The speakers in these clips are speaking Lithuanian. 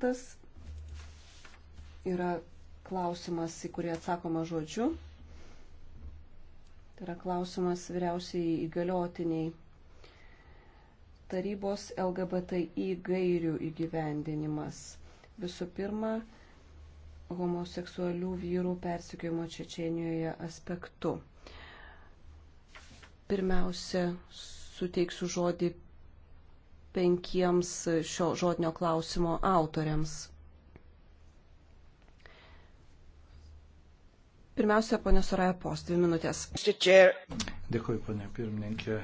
Tas yra klausimas, į kurį atsakoma žodžiu. Tai yra klausimas vyriausiai įgaliotiniai tarybos LGBTI gairių įgyvendinimas. Visų pirma, homoseksualių vyrų persikėjimo Čečienijoje aspektu. Pirmiausia, suteiksiu žodį penkiems šio žodinio klausimo autoriams. Pirmiausia, ponė Soraja Post, dvi minutės. Dėkui, ponė pirmininkė.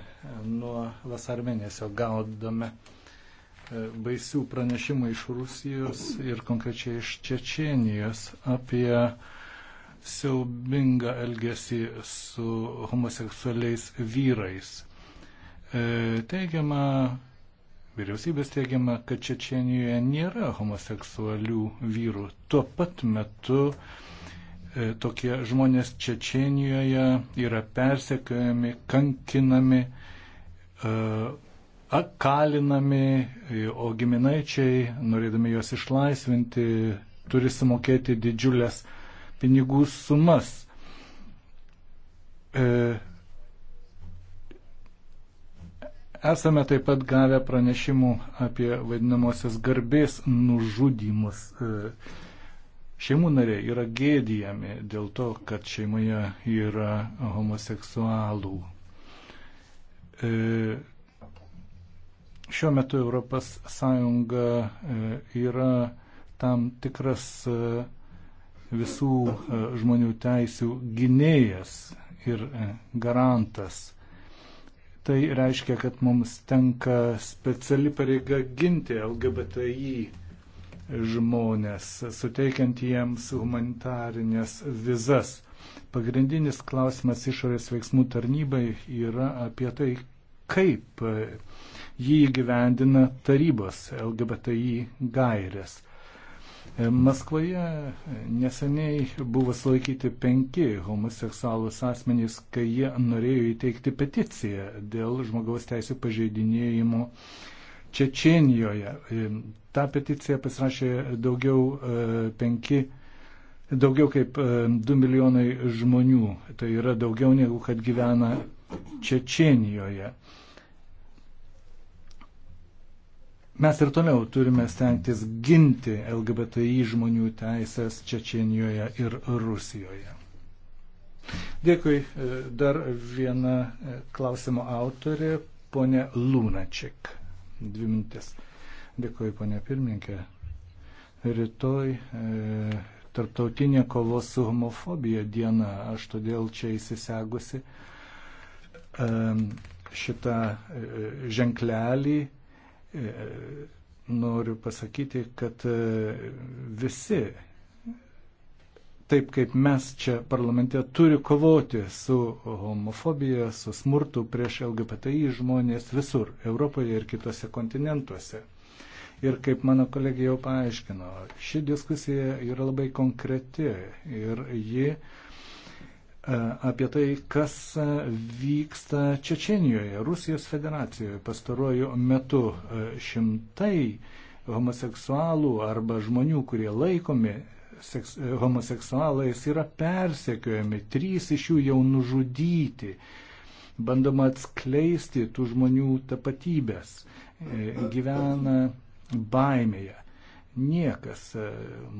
Nuo vasar mėnesio gaudame e, baisių pranešimų iš Rusijos ir konkrečiai iš Čečienijos apie siaubingą elgesį su homoseksualiais vyrais. E, teigiama, Vyriausybės teigiama, kad Čečienijoje nėra homoseksualių vyrų. Tuo pat metu e, tokie žmonės Čečienijoje yra persekiojami, kankinami, e, akalinami, e, o giminaičiai, norėdami juos išlaisvinti, turi sumokėti didžiulės pinigų sumas. E, Esame taip pat gavę pranešimų apie vadinamosios garbės nužudymus. E, šeimų nariai yra gėdijami dėl to, kad šeimoje yra homoseksualų. E, šiuo metu ES e, yra tam tikras visų žmonių teisių gynėjas ir garantas. Tai reiškia, kad mums tenka speciali pareiga ginti LGBTI žmonės, suteikiant jiems humanitarinės vizas. Pagrindinis klausimas išorės veiksmų tarnybai yra apie tai, kaip jį įgyvendina tarybos LGBTI gairės. Maskvoje neseniai buvo sulaikyti penki homoseksualus asmenys, kai jie norėjo įteikti peticiją dėl žmogaus teisų pažeidinėjimų Čečenijoje. Ta peticija pasirašė daugiau, e, penki, daugiau kaip 2 e, milijonai žmonių. Tai yra daugiau negu kad gyvena Čečenijoje. Mes ir toliau turime stengtis ginti LGBTI žmonių teisės Čečienijoje ir Rusijoje. Dėkui. E, dar viena e, klausimo autorė, ponė Lunačik. Dvi mintis. Dėkui, ponė pirmininkė. Rytoj e, tarptautinė kovos su homofobija diena, aš todėl čia įsisegusi e, šitą e, ženklelį. E, E, noriu pasakyti, kad e, visi, taip kaip mes čia parlamente, turi kovoti su homofobija, su smurtu prieš LGBTI žmonės visur, Europoje ir kitose kontinentuose. Ir kaip mano kolegija jau paaiškino, ši diskusija yra labai konkreti ir ji uh, apie tai, kas vyksta Čečenijoje, Rusijos federacijoje. Pastaruoju metu e, šimtai homoseksualų arba žmonių, kurie laikomi seks, e, homoseksualais, yra persekiojami. Trys iš jų jau nužudyti. Bandoma atskleisti tų žmonių tapatybės. E, gyvena baimėje. Niekas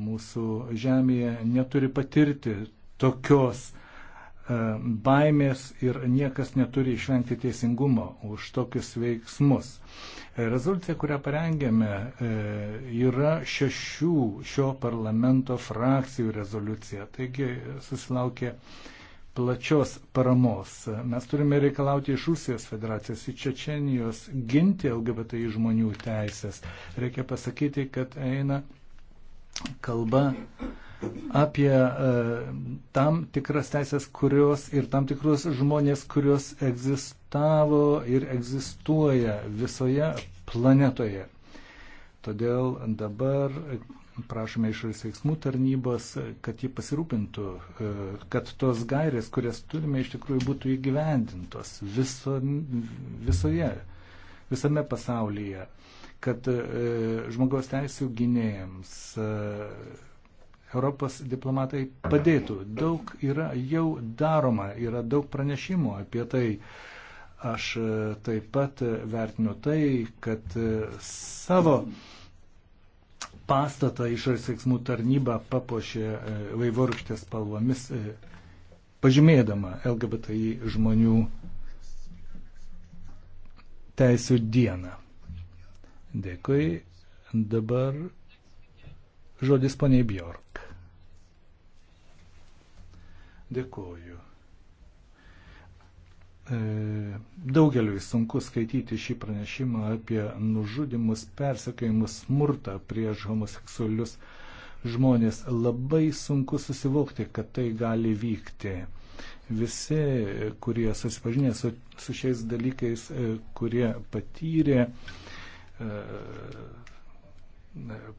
mūsų žemėje neturi patirti tokios E, baimės ir niekas neturi išvengti teisingumo už tokius veiksmus. E, rezoliucija, kurią parengėme, e, yra šešių šio parlamento frakcijų rezoliucija, taigi susilaukė plačios paramos. Mes turime reikalauti iš Rusijos federacijos, iš Čečenijos ginti LGBTI žmonių teisės. Reikia pasakyti, kad eina kalba apie e, tam tikras teisės, kurios ir tam tikrus žmonės, kurios egzistavo ir egzistuoja visoje planetoje. Todėl dabar prašome išorės veiksmų tarnybos, kad ji pasirūpintų, e, kad tos gairės, kurias turime, iš tikrųjų būtų įgyvendintos viso, visoje, visame pasaulyje, kad e, žmogaus teisų gynėjams Europos diplomatai padėtų. Daug yra jau daroma, yra daug pranešimų apie tai. Aš e, taip pat e, vertinu tai, kad e, savo pastatą išorės veiksmų tarnyba papuošė vaivorykštės spalvomis, pažymėdama LGBTI žmonių teisų dieną. Dėkui. Dabar Žodis poniai Bjork. Dėkuoju. E, daugeliui sunku skaityti šį pranešimą apie nužudimus, persekiojimus, smurtą prieš homoseksualius žmonės. Labai sunku susivokti, kad tai gali vykti. Visi, kurie susipažinė su, su šiais dalykais, e, kurie patyrė, e,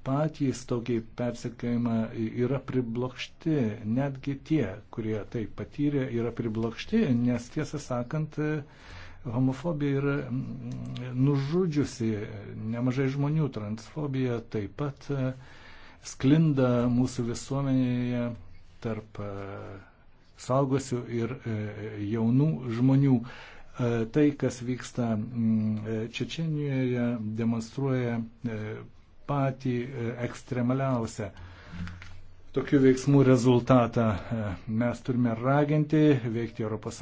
patys tokį persekiojimą yra priblokšti, netgi tie, kurie tai patyrė, yra priblokšti, nes tiesą sakant, homofobija yra mm, nužudžiusi nemažai žmonių, transfobija taip pat e, sklinda mūsų visuomenėje tarp e, saugusių ir e, jaunų žmonių. Tai, kas vyksta mm, Čečenijoje, demonstruoja patį e, ekstremaliausią tokių veiksmų rezultatą. E, mes turime raginti veikti ES,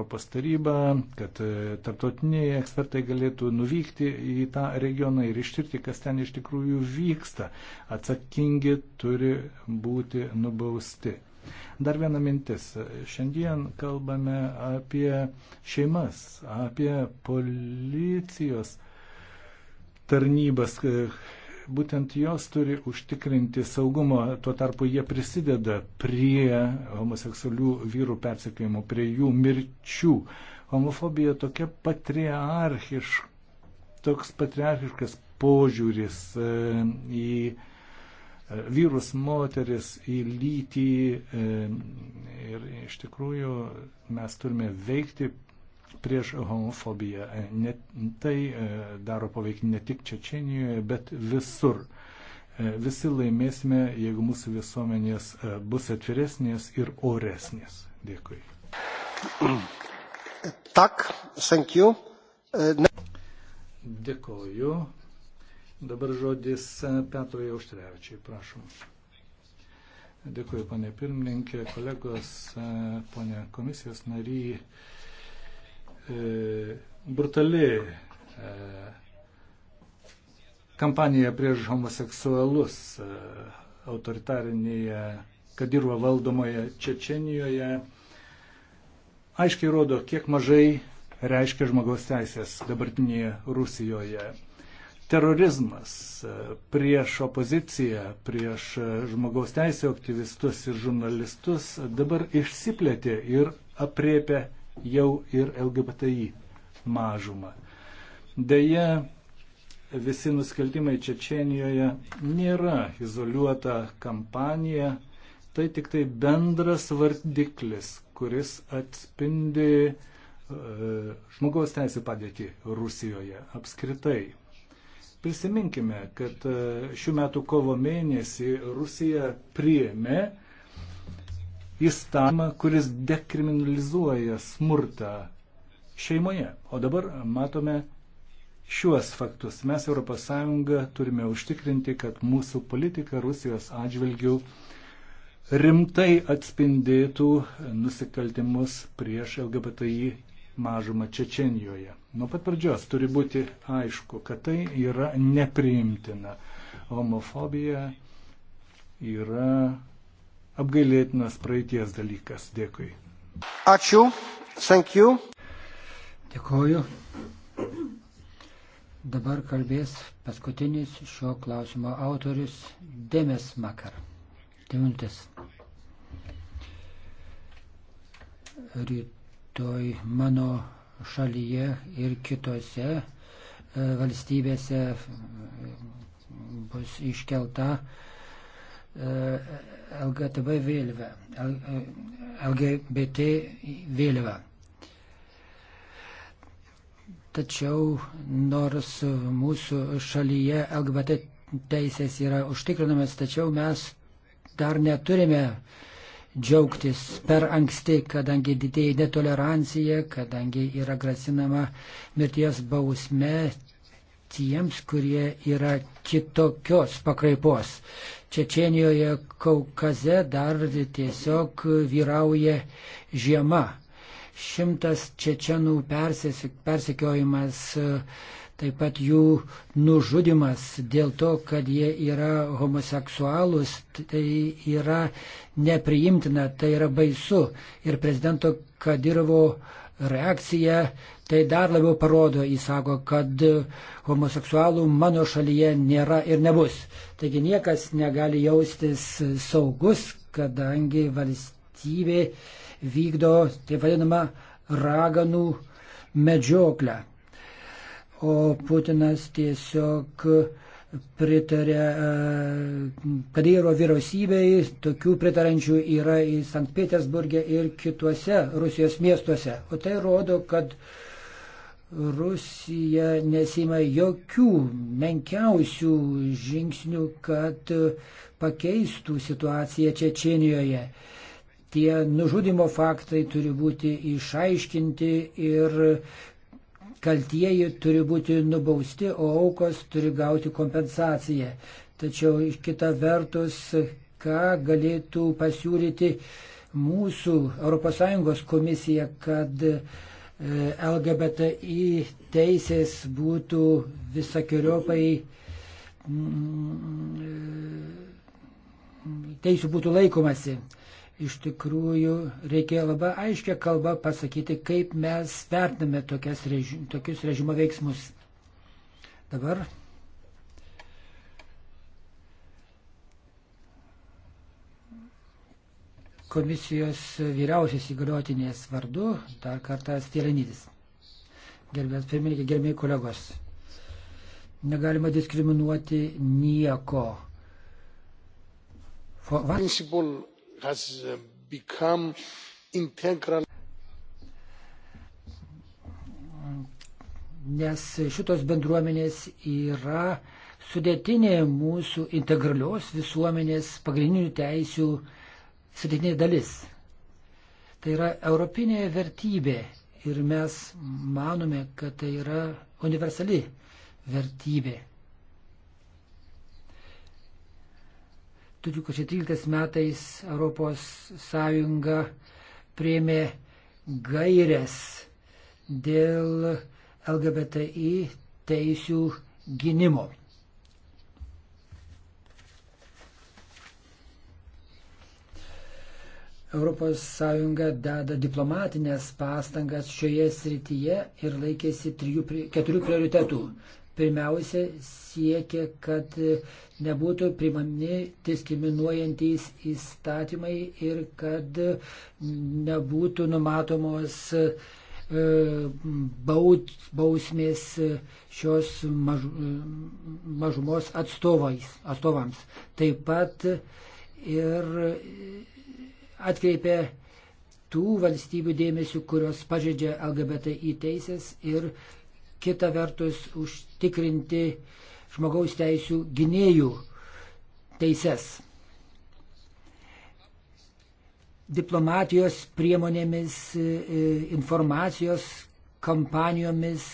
ES tarybą, kad e, tarptautiniai ekspertai galėtų nuvykti į tą regioną ir ištirti, kas ten iš tikrųjų vyksta. Atsakingi turi būti nubausti. Dar viena mintis. Šiandien kalbame apie šeimas, apie policijos tarnybas, Būtent jos turi užtikrinti saugumo, tuo tarpu jie prisideda prie homoseksualių vyrų persekiojimo, prie jų mirčių. Homofobija tokia patriarchiška, toks patriarchiškas požiūris e, į e, vyrus, moteris, į lytį. E, ir iš tikrųjų mes turime veikti prieš homofobiją. Net, tai e, daro poveikį ne tik Čečenijoje, bet visur. E, visi laimėsime, jeigu mūsų visuomenės e, bus atviresnės ir oresnės. Dėkui. Tak, thank you. Ne... Dėkoju. Dabar žodis Petrui Auštrevičiai, prašom. Dėkuoju, ponė pirmininkė, kolegos, ponė komisijos nariai. E, brutali e, kampanija prieš homoseksualus e, autoritarinėje Kadirvo valdomoje Čečenijoje aiškiai rodo, kiek mažai reiškia žmogaus teisės dabartinėje Rusijoje. Terorizmas prieš opoziciją, prieš žmogaus teisės aktyvistus ir žurnalistus dabar išsiplėtė ir apriepia jau ir LGBTI mažumą. Deja, visi nusikaltimai Čečenijoje nėra izoliuota kampanija, tai tik tai bendras vardiklis, kuris atspindi e, žmogaus teisų padėtį Rusijoje apskritai. Prisiminkime, kad e, šių metų kovo mėnesį Rusija priėmė įstatymą, kuris dekriminalizuoja smurtą šeimoje. O dabar matome šiuos faktus. Mes ES turime užtikrinti, kad mūsų politika Rusijos atžvilgių rimtai atspindėtų nusikaltimus prieš LGBTI mažumą Čečenijoje. Nuo pat pradžios turi būti aišku, kad tai yra nepriimtina. Homofobija yra apgailėtinas praeities dalykas. Dėkui. Ačiū. Thank you. Dėkoju. Dabar kalbės paskutinis šio klausimo autorius Demes Makar. Devintis. Rytoj mano šalyje ir kitose e, valstybėse bus iškelta e, LGTB vėliavą, LGBT e, vėliavą. Tačiau nors mūsų šalyje LGBT teisės yra užtikrinamas, tačiau mes dar neturime džiaugtis per anksti, kadangi didėja netolerancija, kadangi yra grasinama mirties bausme, tiems, kurie yra kitokios pakraipos. Čečienijoje, Kaukaze dar tiesiog vyrauja žiema. Šimtas čečenų persekiojimas, taip pat jų nužudimas dėl to, kad jie yra homoseksualūs, tai yra nepriimtina, tai yra baisu. Ir prezidento Kadirovo reakcija tai dar labiau parodo, jis sako, kad homoseksualų mano šalyje nėra ir nebus. Taigi niekas negali jaustis saugus, kadangi valstybė vykdo taip vadinamą raganų medžioklę. O Putinas tiesiog pritarė Kadyro e, vyriausybei, tokių pritarančių yra į Sankt Petersburgė ir kituose Rusijos miestuose. O tai rodo, kad uh, Rusija nesima jokių menkiausių žingsnių, kad pakeistų situaciją Čečenijoje. Tie nužudimo faktai turi būti išaiškinti ir kaltieji turi būti nubausti, o aukos turi gauti kompensaciją. Tačiau kita vertus, ką galėtų pasiūlyti mūsų ES komisija, kad uh, LGBTI teisės būtų visokiojopai mm, teisų būtų laikomasi. Iš tikrųjų, reikėjo labai aiškia kalba pasakyti, kaip mes vertiname reži tokius režimo veiksmus. Dabar komisijos vyriausios įgaliotinės vardu, dar kartą Stėlenydis. Gerbės pirmininkė, gerbėjai kolegos. Negalima diskriminuoti nieko. For, uh, Nes šitos bendruomenės yra sudėtinė mūsų integralios visuomenės pagrindinių teisių uh, sudėtinė dalis. Tai yra europinė vertybė ir mes manome, kad tai yra universali vertybė. 2013 metais Europos Sąjunga prieimė gairias dėl LGBTI teisių gynimo. ES deda diplomatinės pastangas šioje srityje ir laikėsi trijų, keturių prioritetų. Pirmiausia, siekia, kad nebūtų primami diskriminuojantys įstatymai ir kad nebūtų numatomos e, baud, bausmės šios maž, mažumos atstovais, atstovams. Taip pat ir atkreipė tų valstybių dėmesių, kurios pažeidžia LGBTI teisės ir kita vertus užtikrinti žmogaus teisų gynėjų teises. Diplomatijos priemonėmis, informacijos kampanijomis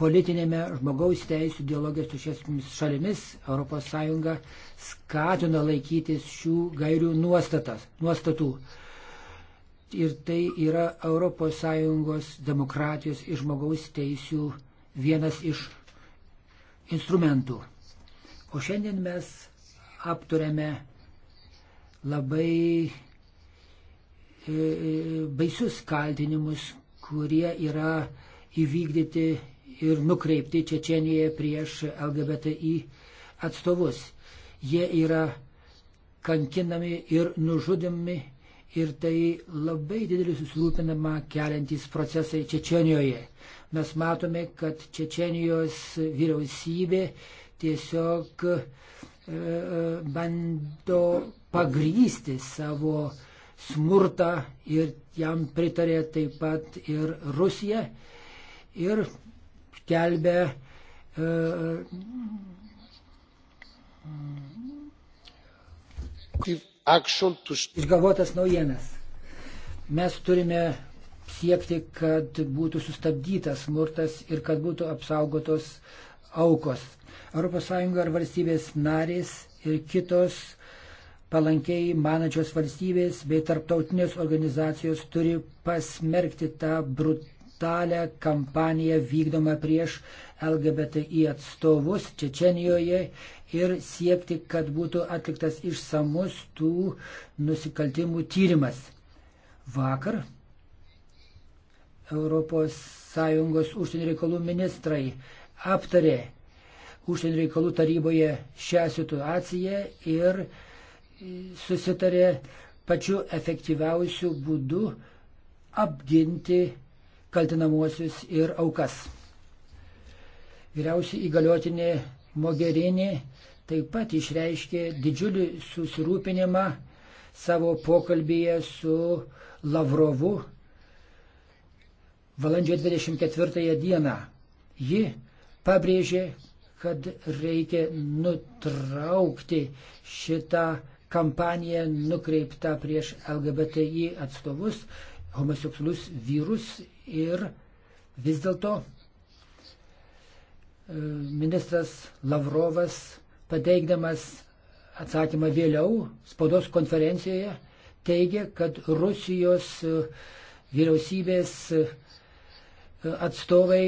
politinėme žmogaus teisų dialogės su šiomis šalimis ES skatina laikytis šių gairių nuostatas, nuostatų. Ir tai yra ES demokratijos ir žmogaus teisų vienas iš instrumentų. O šiandien mes apturėme labai e, e, baisius kaltinimus, kurie yra įvykdyti ir nukreipti Čečienijoje prieš LGBTI atstovus. Jie yra kankinami ir nužudimi ir tai labai didelį susirūpinimą keliantys procesai Čečienijoje. Mes matome, kad Čečienijos vyriausybė tiesiog e, bando pagrysti savo smurtą ir jam pritarė taip pat ir Rusija. Ir skelbia e, išgalvotas naujienas. Mes turime siekti, kad būtų sustabdytas smurtas ir kad būtų apsaugotos aukos. ES ar valstybės narės ir kitos palankiai manančios valstybės bei tarptautinės organizacijos turi pasmerkti tą brutalų brutalią kampaniją vykdomą prieš LGBTI atstovus Čečenijoje ir siekti, kad būtų atliktas išsamus tų nusikaltimų tyrimas. Vakar ES užsienio reikalų ministrai aptarė užsienio reikalų taryboje šią situaciją ir susitarė pačiu efektyviausiu būdu apginti kaltinamuosius ir aukas. Vyriausiai įgaliotinė Mogerinė taip pat išreiškė didžiulį susirūpinimą savo pokalbėje su Lavrovu valandžio 24 dieną. Ji pabrėžė, kad reikia nutraukti šitą kampaniją nukreiptą prieš LGBTI atstovus, homoseksualius vyrus ir vis dėlto e, ministras Lavrovas, pateikdamas atsakymą vėliau spaudos konferencijoje, teigia, kad Rusijos e, vyriausybės e, atstovai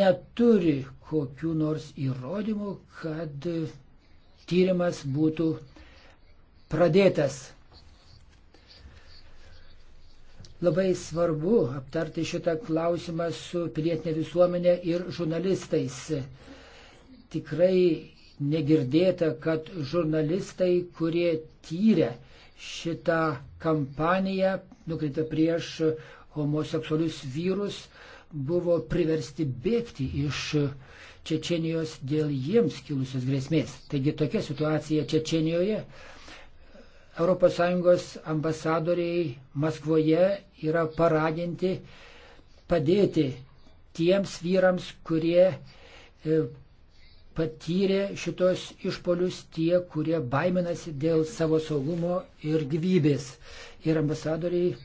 neturi kokiu nors įrodymu, kad tyrimas būtų pradėtas. Labai svarbu aptarti šitą klausimą su pilietinė visuomenė ir žurnalistais. Tikrai negirdėta, kad žurnalistai, kurie tyrė šitą kampaniją nukreiptą prieš homoseksualius vyrus, buvo priversti bėgti iš Čečenijos dėl jiems kilusios grėsmės. Taigi tokia situacija Čečenijoje. ES ambasadoriai Maskvoje yra paraginti padėti tiems vyrams, kurie e, patyrė šitos išpolius, tie, kurie baiminasi dėl savo saugumo ir gyvybės. Ir ambasadoriai e,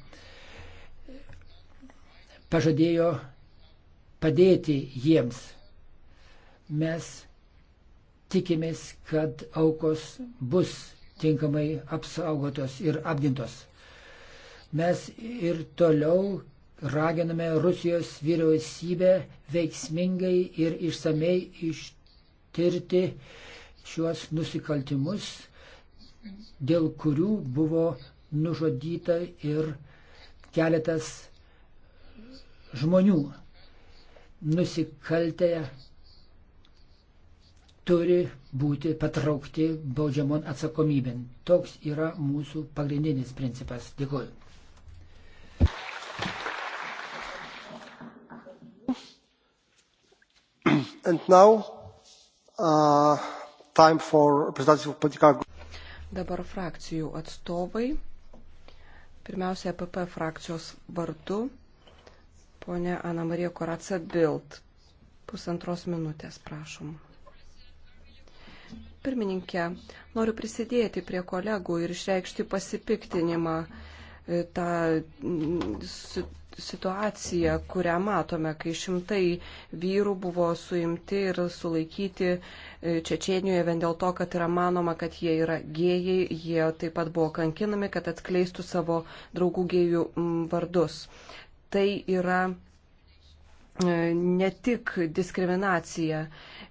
pažadėjo padėti jiems. Mes tikimės, kad aukos bus tinkamai apsaugotos ir apgintos. Mes ir toliau raginame Rusijos vyriausybę veiksmingai ir išsamei ištirti šiuos nusikaltimus, dėl kurių buvo nužudyta ir keletas žmonių. Nusikaltę turi būti patraukti baudžiamon atsakomybėn. Toks yra mūsų pagrindinis principas. Dėkuoju. Now, uh, Dabar frakcijų atstovai. Pirmiausia, PP e frakcijos vardu. Pone Ana Marija Koraca Bild. Pusantros minutės, prašom. Pirmininkė, noriu prisidėti prie kolegų ir išreikšti pasipiktinimą e, tą situacija, kurią matome, kai šimtai vyrų buvo suimti ir sulaikyti e, Čečienijoje vien dėl to, kad yra manoma, kad jie yra gėjai, jie taip pat buvo kankinami, kad atskleistų savo draugų gėjų vardus. Tai yra E, ne tik diskriminacija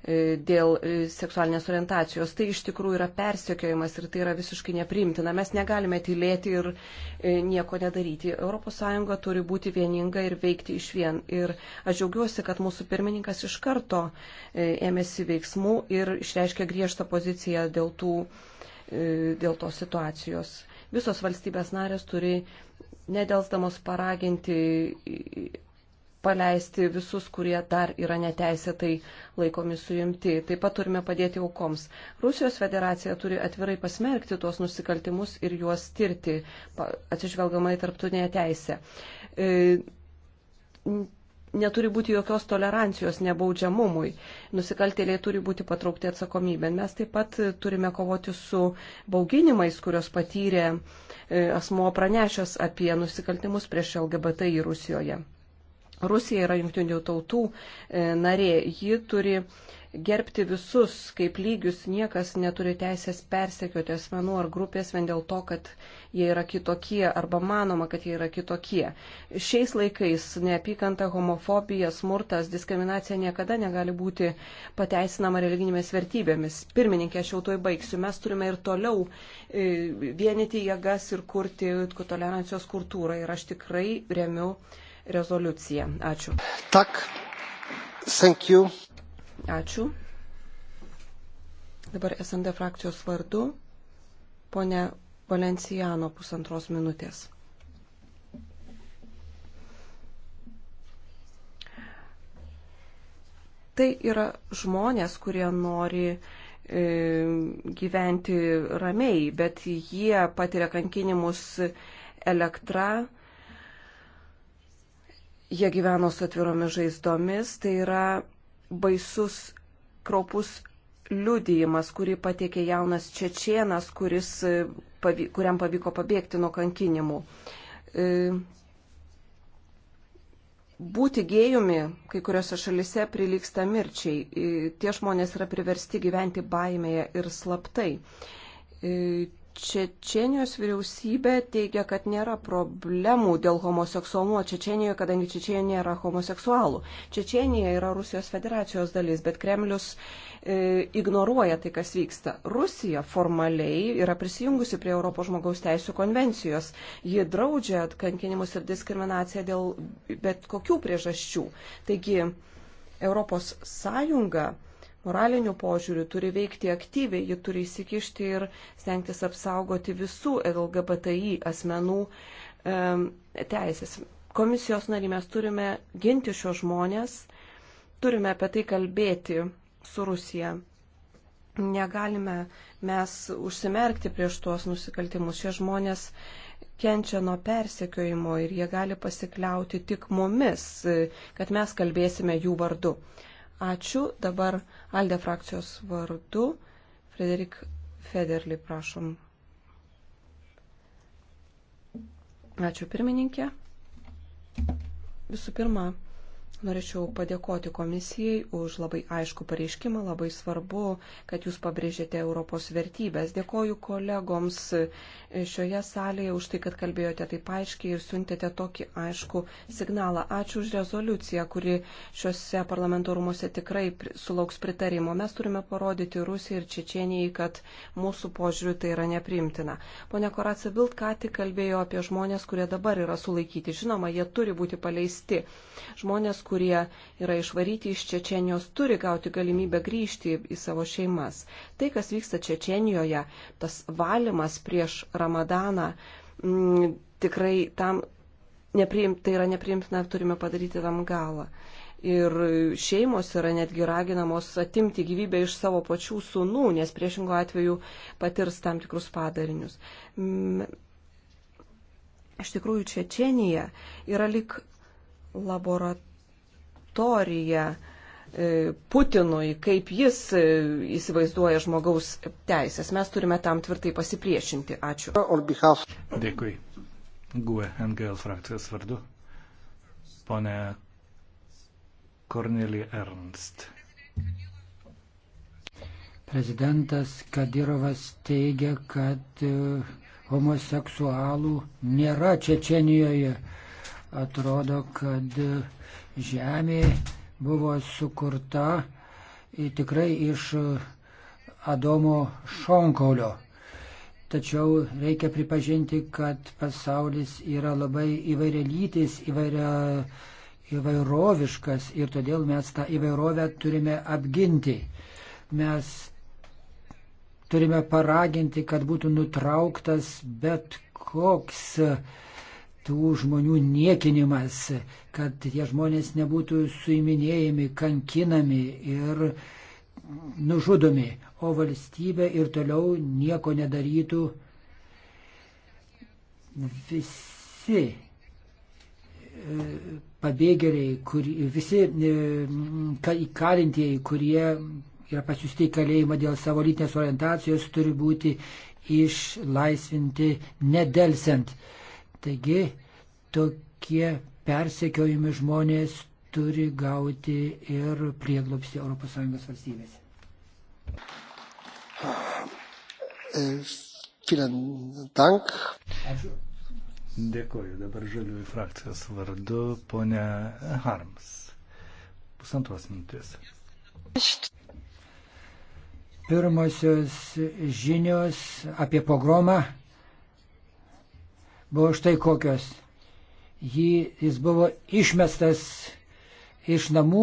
e, dėl e, seksualinės orientacijos, tai iš tikrųjų yra persiekiojimas ir tai yra visiškai nepriimtina. Mes negalime tylėti ir nieko nedaryti. ES turi būti vieninga ir veikti iš vien. Ir aš džiaugiuosi, kad mūsų pirmininkas iš karto ėmėsi veiksmų ir išreiškė griežtą poziciją dėl, tų, dėl tos situacijos. Visos valstybės narės turi nedelsdamos paraginti paleisti visus, kurie dar yra neteisėtai laikomi suimti. Taip pat turime padėti aukoms. Rusijos federacija turi atvirai pasmerkti tuos nusikaltimus ir juos tirti, atsižvelgama į tarptautinę teisę. E, neturi būti jokios tolerancijos nebaudžiamumui. Nusikaltėliai turi būti patraukti atsakomybę. Mes taip pat turime kovoti su bauginimais, kurios patyrė e, asmo pranešęs apie nusikaltimus prieš LGBTI Rusijoje. Rusija yra jungtinių tautų e, narė. Ji turi gerbti visus kaip lygius. Niekas neturi teisės persekioti asmenų ar grupės vien dėl to, kad jie yra kitokie arba manoma, kad jie yra kitokie. Šiais laikais neapykanta, homofobija, smurtas, diskriminacija niekada negali būti pateisinama religinėmis vertybėmis. Pirmininkė, aš jau tuoj baigsiu. Mes turime ir toliau e, vienyti jėgas ir kurti tolerancijos kultūrą. Ir aš tikrai remiu rezoliuciją. Ačiū. Tak. Thank you. Ačiū. Dabar SND frakcijos vardu ponė Valenciano pusantros minutės. Tai yra žmonės, kurie nori e, gyventi ramiai, bet jie patiria kankinimus elektrą, Jie gyveno su atviromis žaizdomis, tai yra baisus, kraupus liudijimas, kurį patiekė jaunas Čečienas, kuris, e, kuriam pavyko pabėgti nuo kankinimų. E, būti gėjumi kai kuriuose šalise prilyksta mirčiai. E, tie žmonės yra priversti gyventi baimėje ir slaptai. Čečienijos vyriausybė teigia, kad nėra problemų dėl homoseksualumo Čečienijoje, kadangi Čečienija yra homoseksualų. Čečienija yra Rusijos federacijos dalis, bet Kremlius e, ignoruoja tai, kas vyksta. Rusija formaliai yra prisijungusi prie Europos žmogaus teisų konvencijos. Ji draudžia atkankinimus ir diskriminaciją dėl bet kokių priežasčių. Taigi, Europos Sąjunga moraliniu požiūriu turi veikti aktyviai, ji turi įsikišti ir stengtis apsaugoti visų LGBTI asmenų e, teisės. Komisijos nariai mes turime ginti šios žmonės, turime apie tai kalbėti su Rusija. Negalime mes užsimerkti prieš tuos nusikaltimus. Šie žmonės kenčia nuo persekiojimo ir jie gali pasikliauti tik mumis, kad mes kalbėsime jų vardu. Ačiū. Dabar Alde frakcijos vardu. Frederik Federli, prašom. Ačiū pirmininkė. Visų pirma, Norėčiau padėkoti komisijai už labai aišku pareiškimą. Labai svarbu, kad jūs pabrėžėte Europos vertybės. Dėkoju kolegoms šioje salėje už tai, kad kalbėjote taip aiškiai ir siuntėte tokį aišku signalą. Ačiū už rezoliuciją, kuri šiuose parlamento rūmose tikrai sulauks pritarimo. Mes turime parodyti Rusijai ir Čečienijai, kad mūsų požiūriu tai yra neprimtina. Pone Koracija Bild ką tik kalbėjo apie žmonės, kurie dabar yra sulaikyti. Žinoma, jie turi būti paleisti. Žmonės, kurie kurie yra išvaryti iš Čečenijos, turi gauti galimybę grįžti į savo šeimas. Tai, kas vyksta Čečenijoje, tas valymas prieš Ramadaną, m, mm, tikrai tam nepriimt, tai yra nepriimtina, turime padaryti tam galą. Ir šeimos yra netgi raginamos atimti gyvybę iš savo pačių sunų, nes priešingo atveju patirs tam tikrus padarinius. Mm, iš tikrųjų, Čečenija yra lik laboratorija istoriją e, Putinui, kaip jis e, įsivaizduoja žmogaus teisės. Mes turime tam tvirtai pasipriešinti. Ačiū. Dėkui. GUE NGL frakcijos vardu. Pone Kornelija Ernst. Prezidentas Kadirovas teigia, kad e, homoseksualų nėra Čečenijoje. Atrodo, kad žemė buvo sukurta tikrai iš e, Adomo šonkaulio. Tačiau reikia pripažinti, kad pasaulis yra labai įvairialytis, įvairia, įvairoviškas ir todėl mes tą įvairovę turime apginti. Mes turime paraginti, kad būtų nutrauktas bet koks uh, tų žmonių niekinimas, kad tie žmonės nebūtų suiminėjami, kankinami ir nužudomi, o valstybė ir toliau nieko nedarytų. Visi e, pabėgėliai, kur, visi e, įkalintieji, kurie yra pasiusti į kalėjimą dėl savo lytinės orientacijos, turi būti išlaisvinti nedelsiant. Taigi tokie persekiojami žmonės turi gauti ir prieglopsti ES valstybėse. Dėkoju dabar žaliųjų frakcijos vardu, ponia Harms. Pusantros minutės. Pirmosios žinios apie pogromą buvo štai kokios. Jį, jis buvo išmestas iš namų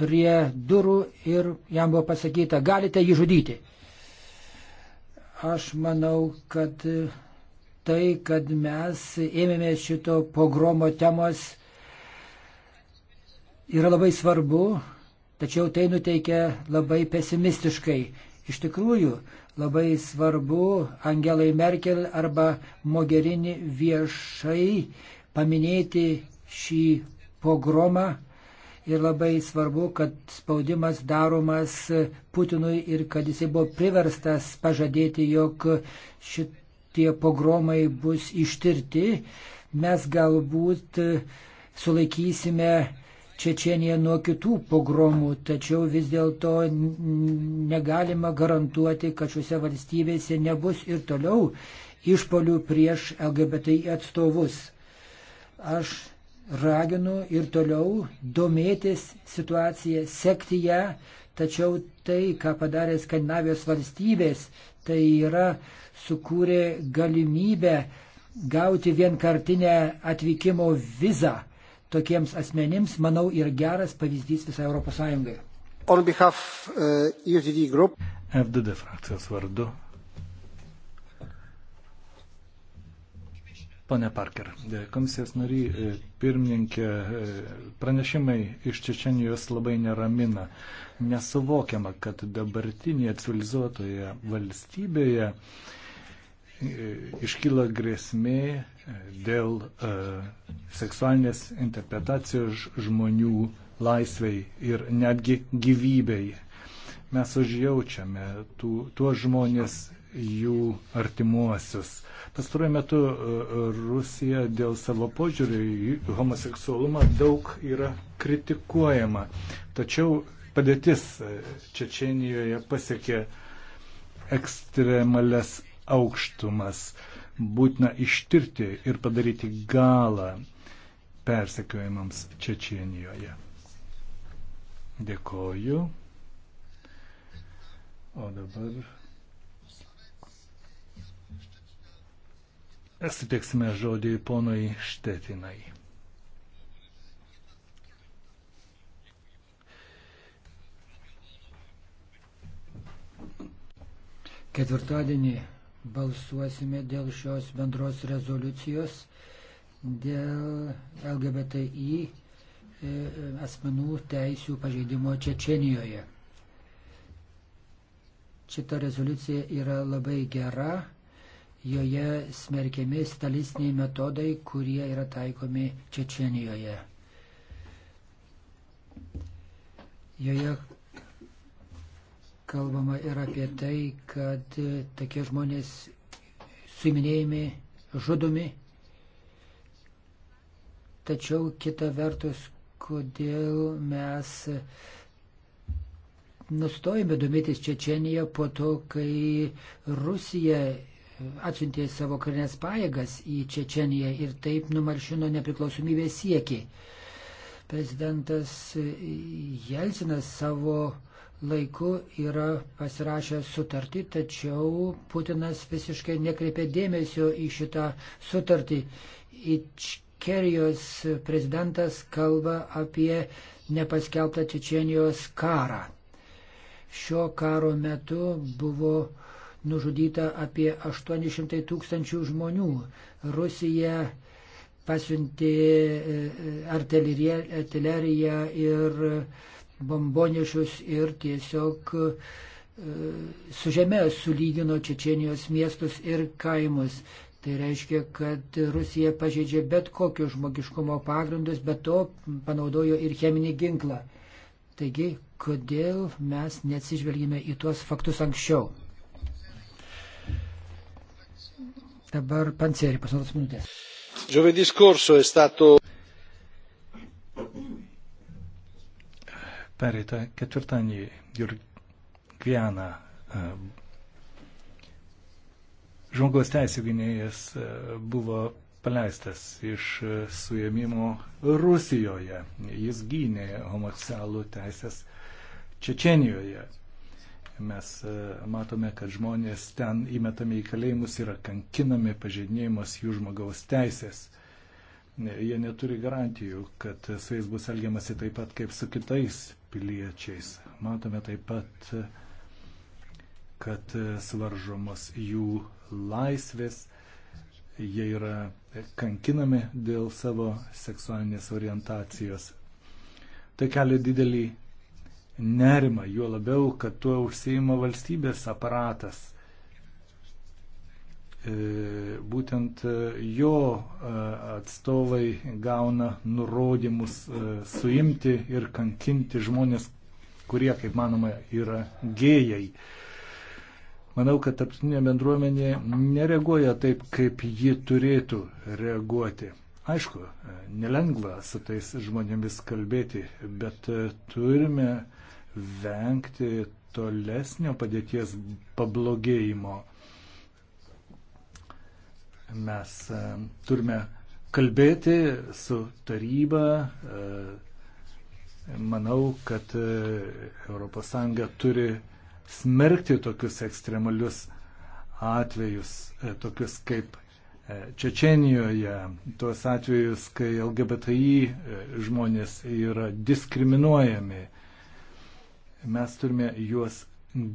prie durų ir jam buvo pasakyta, galite jį žudyti. Aš manau, kad tai, kad mes ėmėmės šito pogromo temos, yra labai svarbu, tačiau tai nuteikia labai pesimistiškai. Iš tikrųjų, labai svarbu Angelai Merkel arba Mogerini viešai paminėti šį pogromą ir labai svarbu, kad spaudimas daromas Putinui ir kad jisai buvo priverstas pažadėti, jog šitie pogromai bus ištirti. Mes galbūt sulaikysime Čečieniją nuo kitų pogromų, tačiau vis dėlto negalima garantuoti, kad šiuose valstybėse nebus ir toliau išpolių prieš LGBTI atstovus. Aš raginu ir toliau domėtis situaciją, sekti ją, tačiau tai, ką padarė Skandinavijos valstybės, tai yra sukūrė galimybę gauti vienkartinę atvykimo vizą tokiems asmenims, manau, yra geras pavyzdys visai Europos Sąjungai. On behalf uh, eh, UTD e Group. FDD frakcijos vardu. Pane Parker, komisijos nariai, e, pirmininkė, e, pranešimai iš Čečenijos labai neramina. Nesuvokiama, kad dabartinėje civilizuotoje valstybėje uh, iškyla grėsmė e, dėl e, seksualinės interpretacijos žmonių laisvei ir netgi gyvybei. Mes užjaučiame tų, tuos žmonės jų artimuosius. Pastaruoju metu e, Rusija dėl savo požiūrį į homoseksualumą daug yra kritikuojama. Tačiau padėtis Čečenijoje pasiekė ekstremales aukštumas. Būtina ištirti ir padaryti galą persekiojimams Čečienijoje. Dėkoju. O dabar suteiksime žodį ponui Štetinai. Ketvirtadienį balsuosime dėl šios bendros rezoliucijos dėl LGBTI e, asmenų teisių pažeidimo Čečenijoje. Šita rezoliucija yra labai gera, joje smerkiami stalistiniai metodai, kurie yra taikomi Čečenijoje. Joje kalbama ir apie tai, kad tokie žmonės suiminėjami, žudomi. Tačiau kita vertus, kodėl mes nustojame domėtis Čečeniją po to, kai Rusija atsiuntė savo karinės pajėgas į Čečeniją ir taip numalšino nepriklausomybės siekį. Prezidentas Jelsinas savo laiku yra pasirašęs sutartį, tačiau Putinas visiškai nekreipė dėmesio į šitą sutartį. Ičkerijos prezidentas kalba apie nepaskelbtą Čečienijos karą. Šio karo metu buvo nužudyta apie 800 tūkstančių žmonių. Rusija pasiuntė e, e, artileriją ir bombonešius ir tiesiog e, su žeme sulygino Čečenijos miestus ir kaimus. Tai reiškia, kad Rusija pažeidžia bet kokio žmogiškumo pagrindus, bet to panaudojo ir cheminį ginklą. Taigi, kodėl mes neatsižvelgime į tuos faktus anksčiau? Dabar panceri, pasantos minutės. Giovedį scorso è stato Pereitą ketvirtadienį Jurgiana e, žmogaus teisų gynėjas e, buvo paleistas iš suėmimo Rusijoje. Jis gynė homoseksualų teisės Čečenijoje. Mes e, matome, kad žmonės ten įmetami į kalėjimus yra kankinami pažeidinėjimas jų žmogaus teisės. Jie neturi garantijų, kad su jais bus elgiamasi taip pat kaip su kitais piliečiais. Matome taip pat, kad svaržomos jų laisvės, jie yra kankinami dėl savo seksualinės orientacijos. Tai kelia didelį nerimą, juo labiau, kad tuo užsieima valstybės aparatas – E, būtent e, jo e, atstovai gauna nurodymus suimti ir kankinti žmonės, kurie, kaip manoma, yra gėjai. Manau, kad tarptautinė bendruomenė nereaguoja taip, kaip ji turėtų reaguoti. Aišku, nelengva su tais žmonėmis kalbėti, bet turime vengti tolesnio padėties pablogėjimo. Mes e, turime kalbėti su taryba. E, manau, kad ES turi smerkti tokius ekstremalius atvejus, e, tokius kaip Čečenijoje, tuos atvejus, kai LGBTI žmonės yra diskriminuojami. Mes turime juos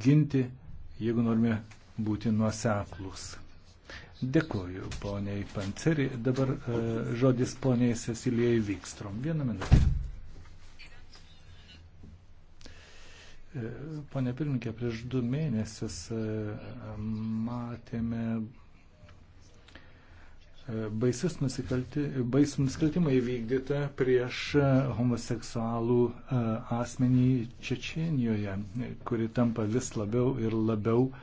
ginti, jeigu norime būti nuoseklus. Dėkuoju, poniai Panceri. Dabar e, žodis poniai Cecilijai Vykstrom. Vieną minutę. E, Pone pirmininkė, prieš du mėnesius e, matėme e, baisus nusikalti, baisų nusikaltimą įvykdytą prieš e, homoseksualų e, asmenį Čečenijoje, kuri tampa vis labiau ir labiau uh,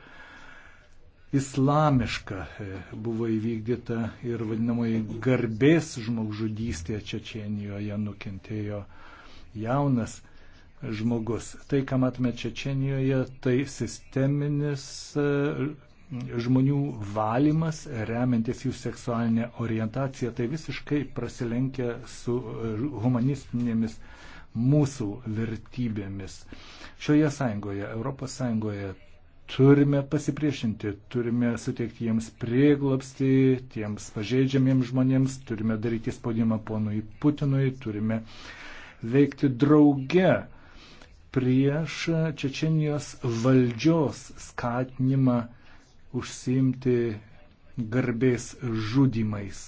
islamiška. E, buvo įvykdyta ir vadinamoji garbės žmogžudystė Čečienijoje nukentėjo jaunas žmogus. Tai, ką matome Čečienijoje, tai sisteminis e, žmonių valymas, remiantis jų seksualinę orientaciją, tai visiškai prasilenkia su e, humanistinėmis mūsų vertybėmis. Šioje sąjungoje, Europos sąjungoje, Turime pasipriešinti, turime suteikti jiems prieglopstį, tiems pažeidžiamiems žmonėms, turime daryti spaudimą ponui Putinui, turime veikti drauge prieš Čečenijos valdžios skatinimą užsiimti garbės žudimais.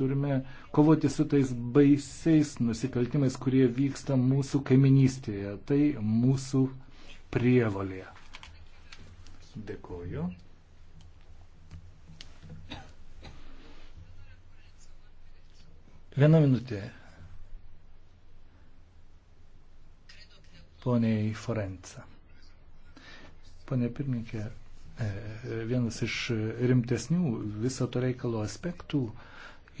Turime kovoti su tais baisiais nusikaltimais, kurie vyksta mūsų kaiminystėje. Tai mūsų prievalė. Dėkoju. Viena minutė. Poniai Forenca. Pone pirmininkė, e, vienas iš rimtesnių viso to reikalo aspektų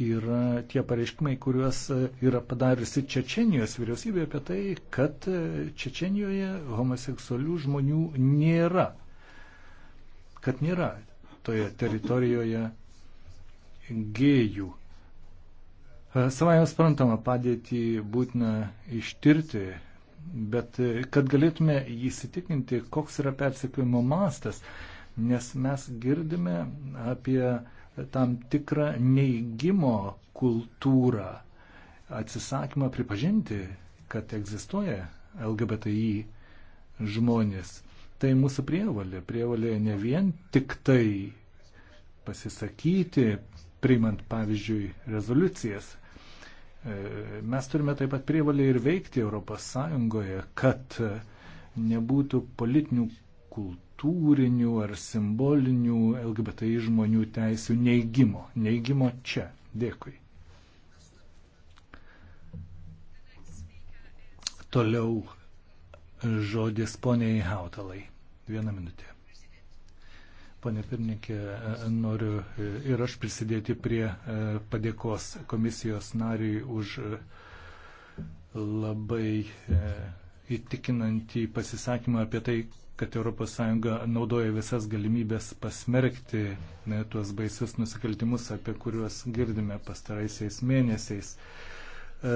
yra tie pareiškimai, kuriuos e, yra padariusi Čečenijos vyriausybė apie tai, kad e, Čečenijoje homoseksualių žmonių nėra kad nėra toje teritorijoje gėjų. E, savai suprantama, padėtį būtina ištirti, bet e, kad galėtume įsitikinti, koks yra persikėjimo mastas, nes mes girdime apie tam tikrą neįgymo kultūrą, atsisakymą pripažinti, kad egzistuoja LGBTI žmonės. Tai mūsų prievalė. Prievalė ne vien tik tai pasisakyti, priimant pavyzdžiui rezoliucijas. E, mes turime taip pat prievalę ir veikti ES, kad nebūtų politinių kultūrinių ar simbolinių LGBTI žmonių teisių neigimo. Neigimo čia. Dėkui. Toliau žodis poniai Hautalai. Vieną minutę. Pane pirmininkė, noriu ir aš prisidėti prie e, padėkos komisijos nariui už e, labai e, įtikinantį pasisakymą apie tai, kad ES naudoja visas galimybės pasmerkti ne, tuos baisius nusikaltimus, apie kuriuos girdime pastaraisiais mėnesiais. E,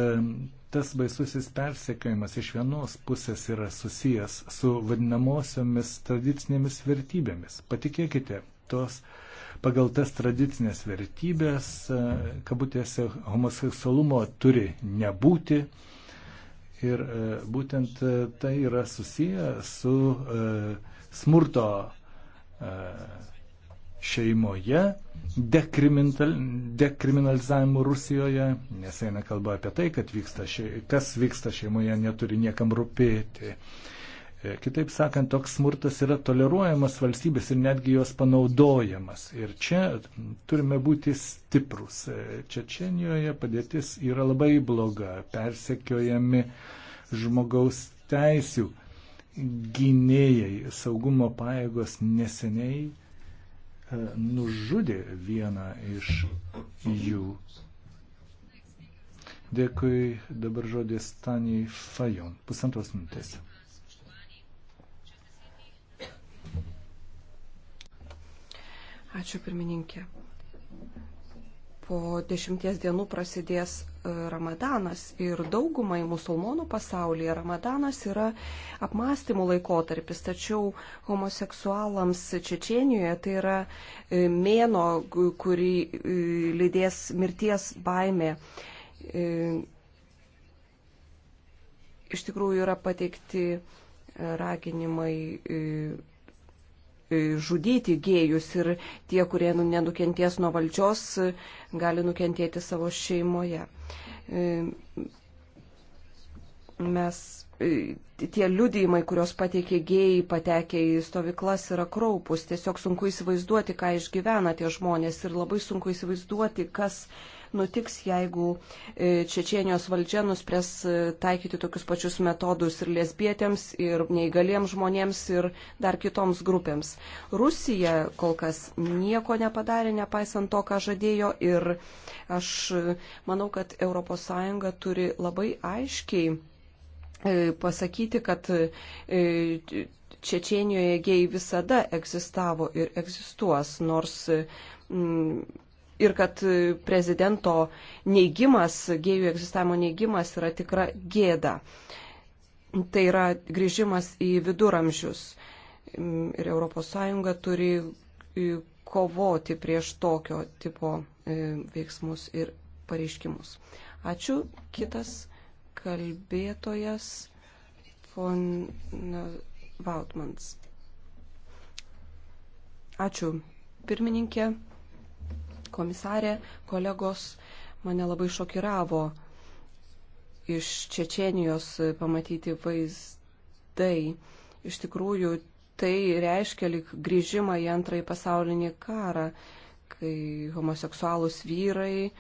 tas baisusis persekiojimas iš vienos pusės yra susijęs su vadinamosiomis tradicinėmis vertybėmis. Patikėkite, tos pagal tas tradicinės vertybės, e, kabutėse, homoseksualumo turi nebūti. Ir e, būtent tai yra susiję su smurto šeimoje dekriminalizavimu Rusijoje, nes eina kalba apie tai, kad vyksta še, kas vyksta šeimoje neturi niekam rūpėti. E, kitaip sakant, toks smurtas yra toleruojamas valstybės ir netgi jos panaudojamas. Ir čia turime būti stiprus. E, Čečenijoje padėtis yra labai bloga, persekiojami žmogaus teisių gynėjai, saugumo paėgos neseniai E, nužudė vieną iš jų. Dėkui dabar žodį Stanį Fajon. Pusantros minutės. Ačiū pirmininkė. Po dešimties dienų prasidės Ramadanas ir daugumai musulmonų pasaulyje Ramadanas yra apmąstymų laikotarpis, tačiau homoseksualams Čečienijoje tai yra e, mėno, kurį e, lydės mirties baimė. E, iš tikrųjų yra pateikti raginimai E, žudyti gėjus ir tie, kurie nu, nenukenties nuo valdžios, e, gali nukentėti savo šeimoje. E, Mes, e, tie liudijimai, kurios pateikė gėjai, patekė į stovyklas, yra kraupus. Tiesiog sunku įsivaizduoti, ką išgyvena tie žmonės ir labai sunku įsivaizduoti, kas nutiks, jeigu e, Čečienijos valdžia nuspręs e, taikyti tokius pačius metodus ir lesbietėms, ir neįgaliems žmonėms, ir dar kitoms grupėms. Rusija kol kas nieko nepadarė, nepaisant to, ką žadėjo, ir aš manau, kad ES turi labai aiškiai E, pasakyti, kad e, Čečienijoje gėjai visada egzistavo ir egzistuos, nors ir kad prezidento neigimas, gėjų egzistavimo neigimas yra tikra gėda. Tai yra grįžimas į viduramžius. Ir ES turi e, kovoti prieš tokio tipo veiksmus ir pareiškimus. Ačiū. Kitas kalbėtojas von Vautmans. Ačiū pirmininkė, komisarė, kolegos. Mane labai šokiravo iš Čečienijos pamatyti vaizdai. Iš tikrųjų, tai reiškia lik grįžimą į antrąjį pasaulinį karą, kai homoseksualūs vyrai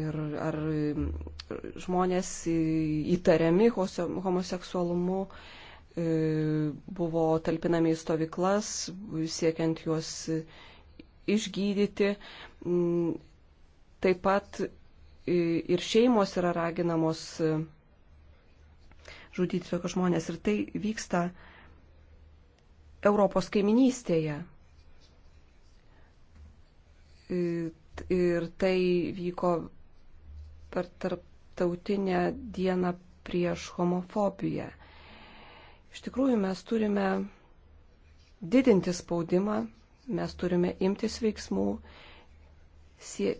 ir ar e, žmonės įtariami homoseksualumu e, buvo talpinami į stovyklas, siekiant juos išgydyti. Mm, taip pat e, ir šeimos yra raginamos žudyti tokius žmonės ir tai vyksta Europos kaiminystėje. Ir tai vyko per tarptautinę dieną prieš homofobiją. Iš tikrųjų, mes turime didinti spaudimą, mes turime imtis veiksmų,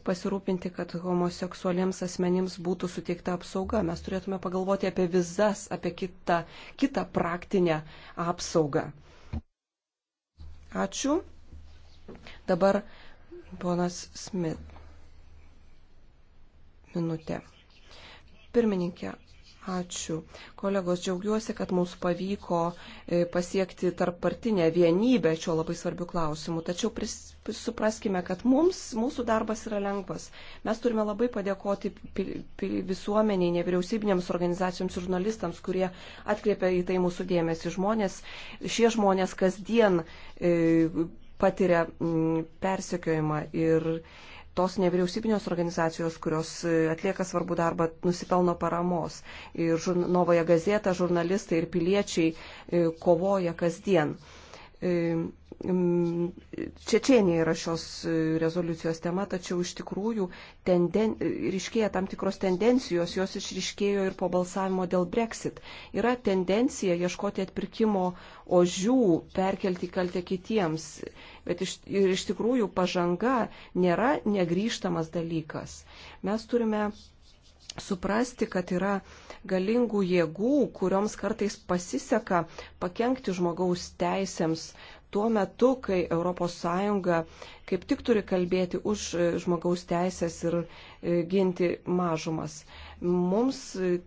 pasirūpinti, kad homoseksualiems asmenims būtų suteikta apsauga. Mes turėtume pagalvoti apie vizas, apie kitą, kitą praktinę apsaugą. Ačiū. Dabar ponas Smith minutė. Pirmininkė, ačiū. Kolegos, džiaugiuosi, kad mums pavyko e, pasiekti tarppartinę vienybę šio labai svarbių klausimų. Tačiau pris, supraskime, kad mums, mūsų darbas yra lengvas. Mes turime labai padėkoti visuomeniai, nevyriausybinėms organizacijoms ir žurnalistams, kurie atkreipia į tai mūsų dėmesį. Žmonės, šie žmonės kasdien e, patiria m, persekiojimą ir e, tos nevyriausybinės organizacijos, kurios e, atlieka svarbų darbą, nusipelno paramos. Ir Novoje gazeta, žurnalistai ir piliečiai e, kovoja kasdien. E, Mm, Čečienija yra šios e, rezoliucijos tema, tačiau iš tikrųjų tenden, e, ryškėja tam tikros tendencijos, jos išryškėjo ir po balsavimo dėl Brexit. Yra tendencija ieškoti atpirkimo ožių, perkelti kaltę kitiems, bet iš, ir iš tikrųjų pažanga nėra negryžtamas dalykas. Mes turime suprasti, kad yra galingų jėgų, kurioms kartais pasiseka pakengti žmogaus teisėms, tuo metu, kai ES kaip tik turi kalbėti už e, žmogaus teisės ir e, ginti mažumas. Mums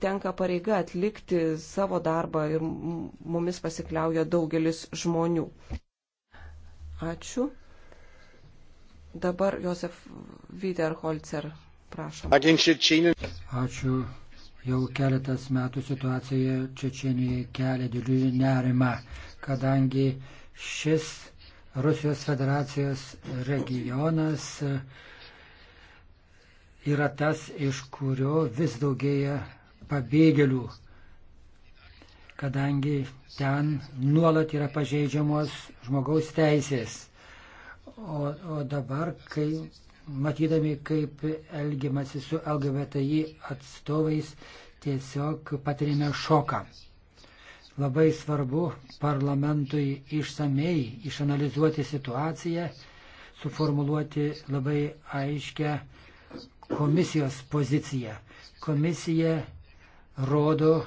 tenka pareiga atlikti savo darbą ir mumis pasikliauja daugelis žmonių. Ačiū. Dabar Josef Wiederholzer, prašom. Ačiū. Jau keletas metų situacija Čečienijoje kelia didžiulį nerimą, kadangi Šis Rusijos federacijos regionas yra tas, iš kurio vis daugėja pabėgėlių, kadangi ten nuolat yra pažeidžiamos žmogaus teisės. O, o dabar, kai matydami, kaip elgiamasi su LGBTI atstovais, tiesiog patirime šoką. Labai svarbu parlamentui išsamei išanalizuoti situaciją, suformuluoti labai aiškę komisijos poziciją. Komisija rodo uh,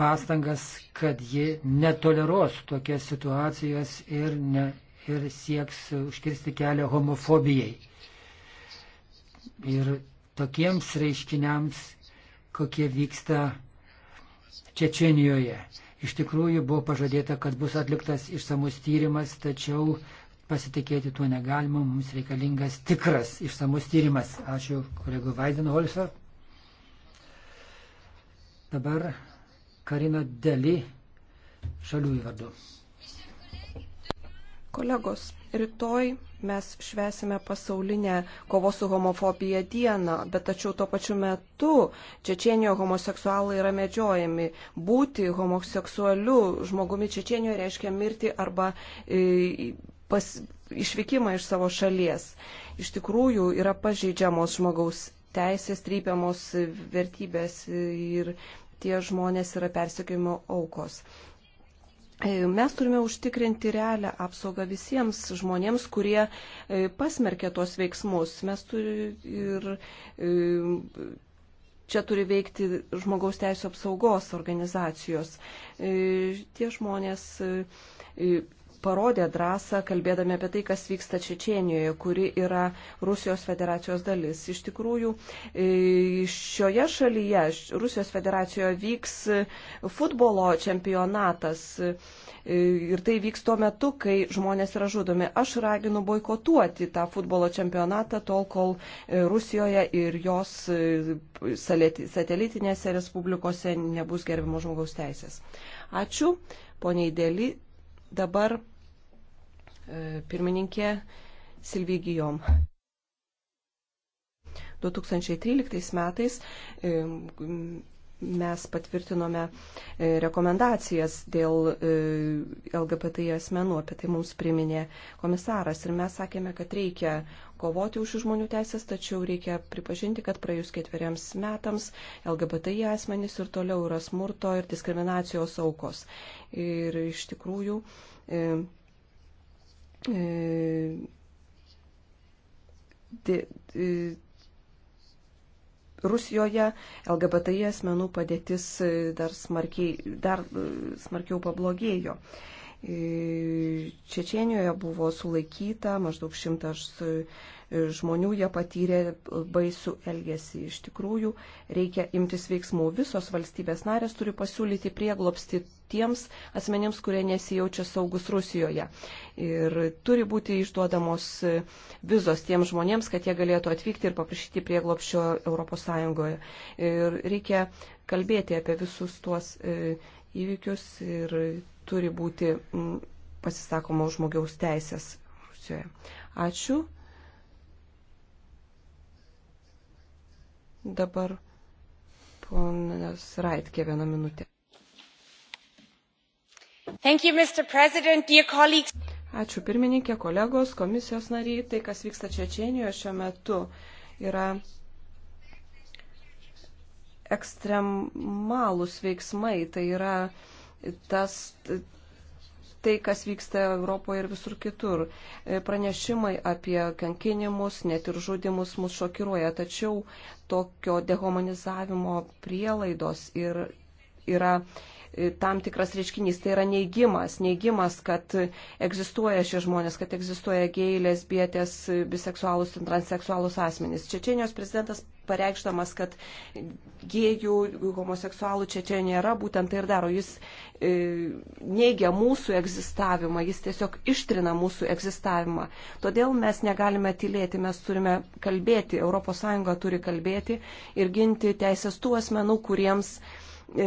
pastangas, kad ji netoleruos tokias situacijas ir, ne, ir sieks užkirsti kelią homofobijai. Ir tokiems reiškiniams, kokie vyksta Čečenijoje. Iš tikrųjų buvo pažadėta, kad bus atliktas išsamus tyrimas, tačiau pasitikėti tuo negalima, mums reikalingas tikras išsamus tyrimas. Ačiū kolegu Vaidenholzer. Dabar Karina Deli šalių įvadu. Kolegos, rytoj mes švesime pasaulinę kovos su homofobija dieną, bet tačiau tuo pačiu metu Čečienijo homoseksualai yra medžiojami. Būti homoseksualiu žmogumi Čečienijo reiškia mirti arba e, pas, išvykimą iš savo šalies. Iš tikrųjų yra pažeidžiamos žmogaus teisės, trypiamos vertybės ir tie žmonės yra persekiojimo aukos. E, mes turime užtikrinti realią apsaugą visiems žmonėms, kurie e, pasmerkė tos veiksmus. Mes turi ir e, čia turi veikti žmogaus teisų apsaugos organizacijos. Tie žmonės parodė drąsą, kalbėdami apie tai, kas vyksta Čečienijoje, kuri yra Rusijos federacijos dalis. Iš tikrųjų, e, šioje šalyje, Rusijos federacijoje vyks futbolo čempionatas e, ir tai vyks tuo metu, kai žmonės yra žudomi. Aš raginu boikotuoti tą futbolo čempionatą tol, kol e, Rusijoje ir jos satelitinėse respublikose nebus gerbimo žmogaus teisės. Ačiū, poniai Dėly. Dabar e, pirmininkė Silvygijom. 2013 metais e, mes patvirtinome e, rekomendacijas dėl e, LGBTI asmenų, apie tai mums priminė komisaras. Ir mes sakėme, kad reikia kovoti už žmonių teisės, tačiau reikia pripažinti, kad praėjus ketveriams metams LGBTI asmenys ir toliau yra smurto ir diskriminacijos aukos. Ir iš tikrųjų. E, e, de, de, Rusijoje LGBTI asmenų padėtis e, dar, smarkiai, dar e, smarkiau pablogėjo. E, Čečienijoje buvo sulaikyta maždaug šimtas žmonių jie patyrė baisų elgesį. Iš tikrųjų, reikia imtis veiksmų. Visos valstybės narės turi pasiūlyti prieglopsti tiems asmenėms, kurie nesijaučia saugus Rusijoje. Ir turi būti išduodamos vizos tiems žmonėms, kad jie galėtų atvykti ir paprašyti prieglopščio ES. Ir reikia kalbėti apie visus tuos e, įvykius ir turi būti pasisakoma žmogaus teisės Rusijoje. Ačiū. Dabar ponas Raitkė vieną minutę. You, Ačiū pirmininkė, kolegos, komisijos nariai. Tai, kas vyksta Čečienijoje šiuo metu, yra ekstremalūs veiksmai. Tai yra tas tai, kas vyksta Europoje ir visur kitur. E, pranešimai apie kankinimus, net ir žudimus mus šokiruoja, tačiau tokio dehumanizavimo prielaidos ir yra tam tikras reiškinys, tai yra neigimas, neigimas, kad egzistuoja šie žmonės, kad egzistuoja gėlės, bietės, biseksualus ir transseksualus asmenys. Čečenijos prezidentas pareikšdamas, kad gėjų, homoseksualų čia čia nėra, būtent tai ir daro. Jis e, neigia mūsų egzistavimą, jis tiesiog ištrina mūsų egzistavimą. Todėl mes negalime tylėti, mes turime kalbėti, ES turi kalbėti ir ginti teisės tų asmenų, kuriems E,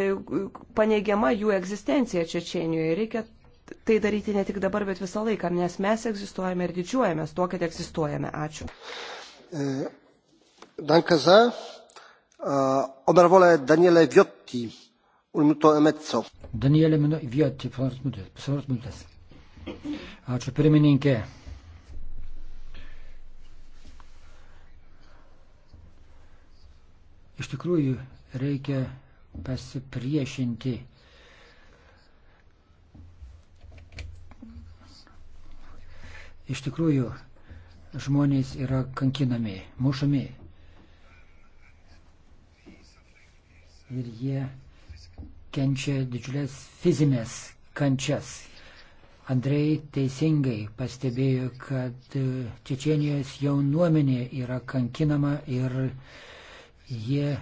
paneigiama jų egzistencija Čečienijoje. Reikia tai daryti ne tik dabar, bet visą laiką, nes mes egzistuojame ir didžiuojamės tuo, kad egzistuojame. Ačiū. E, Dankaza, e, onorevole Daniele Viotti, un minuto e mezzo. Daniele Viotti, pusantros minutės. Ačiū pirmininkė. Iš tikrųjų, reikia pasipriešinti. Iš tikrųjų, žmonės yra kankinami, mušami. Ir jie kenčia didžiulės fizinės kančias. Andrei teisingai pastebėjo, kad e, Čečienijos jaunuomenė yra kankinama ir jie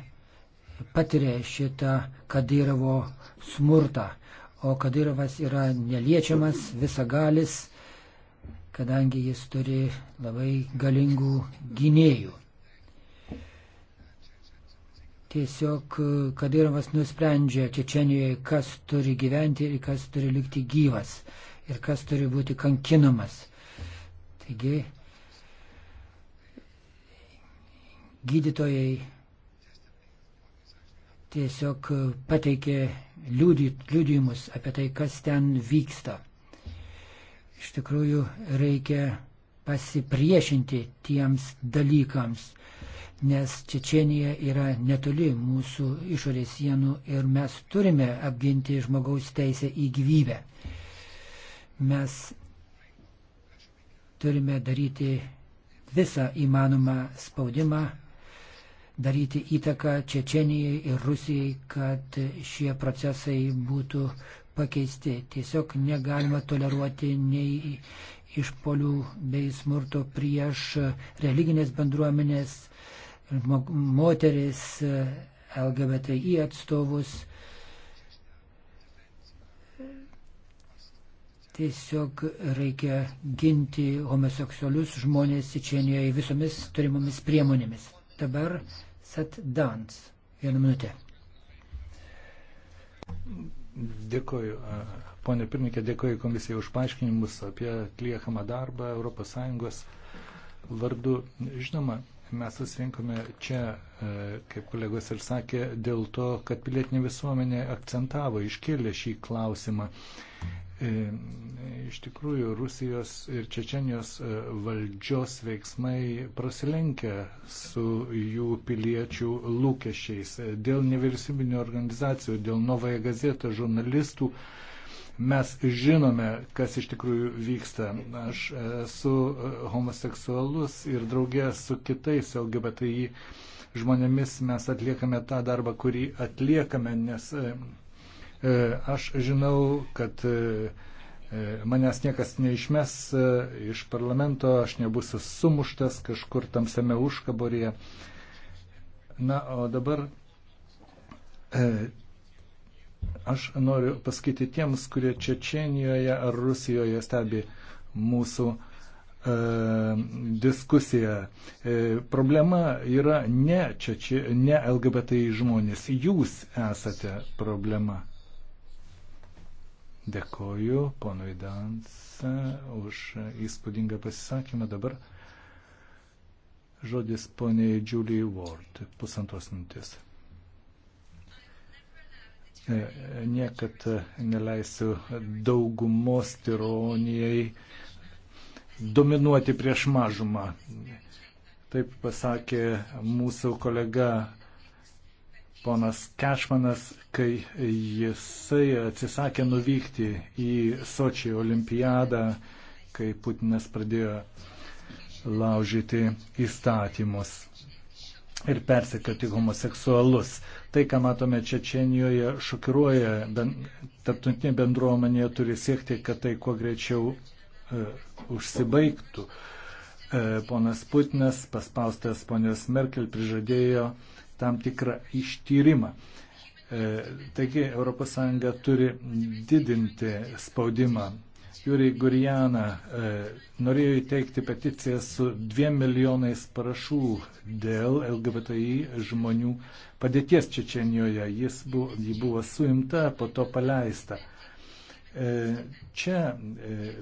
patiria šitą Kadyrovo smurtą. O Kadyrovas yra neliečiamas, visagalis, kadangi jis turi labai galingų gynėjų. Tiesiog Kadyrovas nusprendžia Čečenijoje, kas turi gyventi ir kas turi likti gyvas ir kas turi būti kankinamas. Taigi, gydytojai tiesiog pateikė liūdimus apie tai, kas ten vyksta. Iš tikrųjų, reikia pasipriešinti tiems dalykams, nes Čečienija yra netoli mūsų išorės sienų ir mes turime apginti žmogaus teisę į gyvybę. Mes turime daryti visą įmanomą spaudimą daryti įtaką Čečenijai ir Rusijai, kad šie procesai būtų pakeisti. Tiesiog negalima toleruoti nei išpolių bei smurto prieš religinės bendruomenės, moteris, LGBTI atstovus. Tiesiog reikia ginti homoseksualius žmonės Čečenijoje visomis turimomis priemonėmis. Dabar Sat Dans. Vieną minutę. Dėkoju, ponė pirmininkė, dėkoju komisijai už paaiškinimus apie atliekamą darbą ES vardu. Žinoma, mes susirinkome čia, kaip kolegos ir sakė, dėl to, kad pilietinė visuomenė akcentavo, iškėlė šį klausimą. E, iš tikrųjų, Rusijos ir Čečenijos e, valdžios veiksmai prasilenkia su jų piliečių lūkesčiais. Dėl nevyriausybinio organizacijų, dėl Novoje gazetą žurnalistų mes žinome, kas iš tikrųjų vyksta. Aš esu e, homoseksualus ir draugė su kitais LGBTI žmonėmis mes atliekame tą darbą, kurį atliekame, nes E, aš žinau, kad e, e, manęs niekas neišmes iš parlamento, aš nebusiu sumuštas kažkur tamsiame užkaborėje. Na, o dabar aš noriu pasakyti tiems, kurie Čečenijoje ar Rusijoje stebi mūsų diskusija. Problema yra ne, čia, čia, ne LGBTI žmonės, jūs esate problema. Dėkoju ponui Dansą už įspūdingą pasisakymą. Dabar žodis poniai Julie Ward, pusantros minutės. E, niekad neleisiu daugumos tironijai dominuoti prieš mažumą. Taip pasakė mūsų kolega ponas Kešmanas, kai jisai atsisakė nuvykti į Sočią olimpiadą, kai Putinas pradėjo laužyti įstatymus ir persekoti homoseksualus. Tai, ką matome Čečenijoje, šokiruoja, ben, tarptautinė bendruomenė turi siekti, kad tai kuo greičiau e, užsibaigtų. E, ponas Putinas, paspaustas ponios Merkel, prižadėjo tam tikrą ištyrimą. E, taigi ES turi didinti spaudimą. Jūri Gurijana e, norėjo įteikti peticiją su dviem milijonais parašų dėl LGBTI žmonių padėties Čečenijoje. Jis buvo, ji buvo suimta, po to paleista. E, čia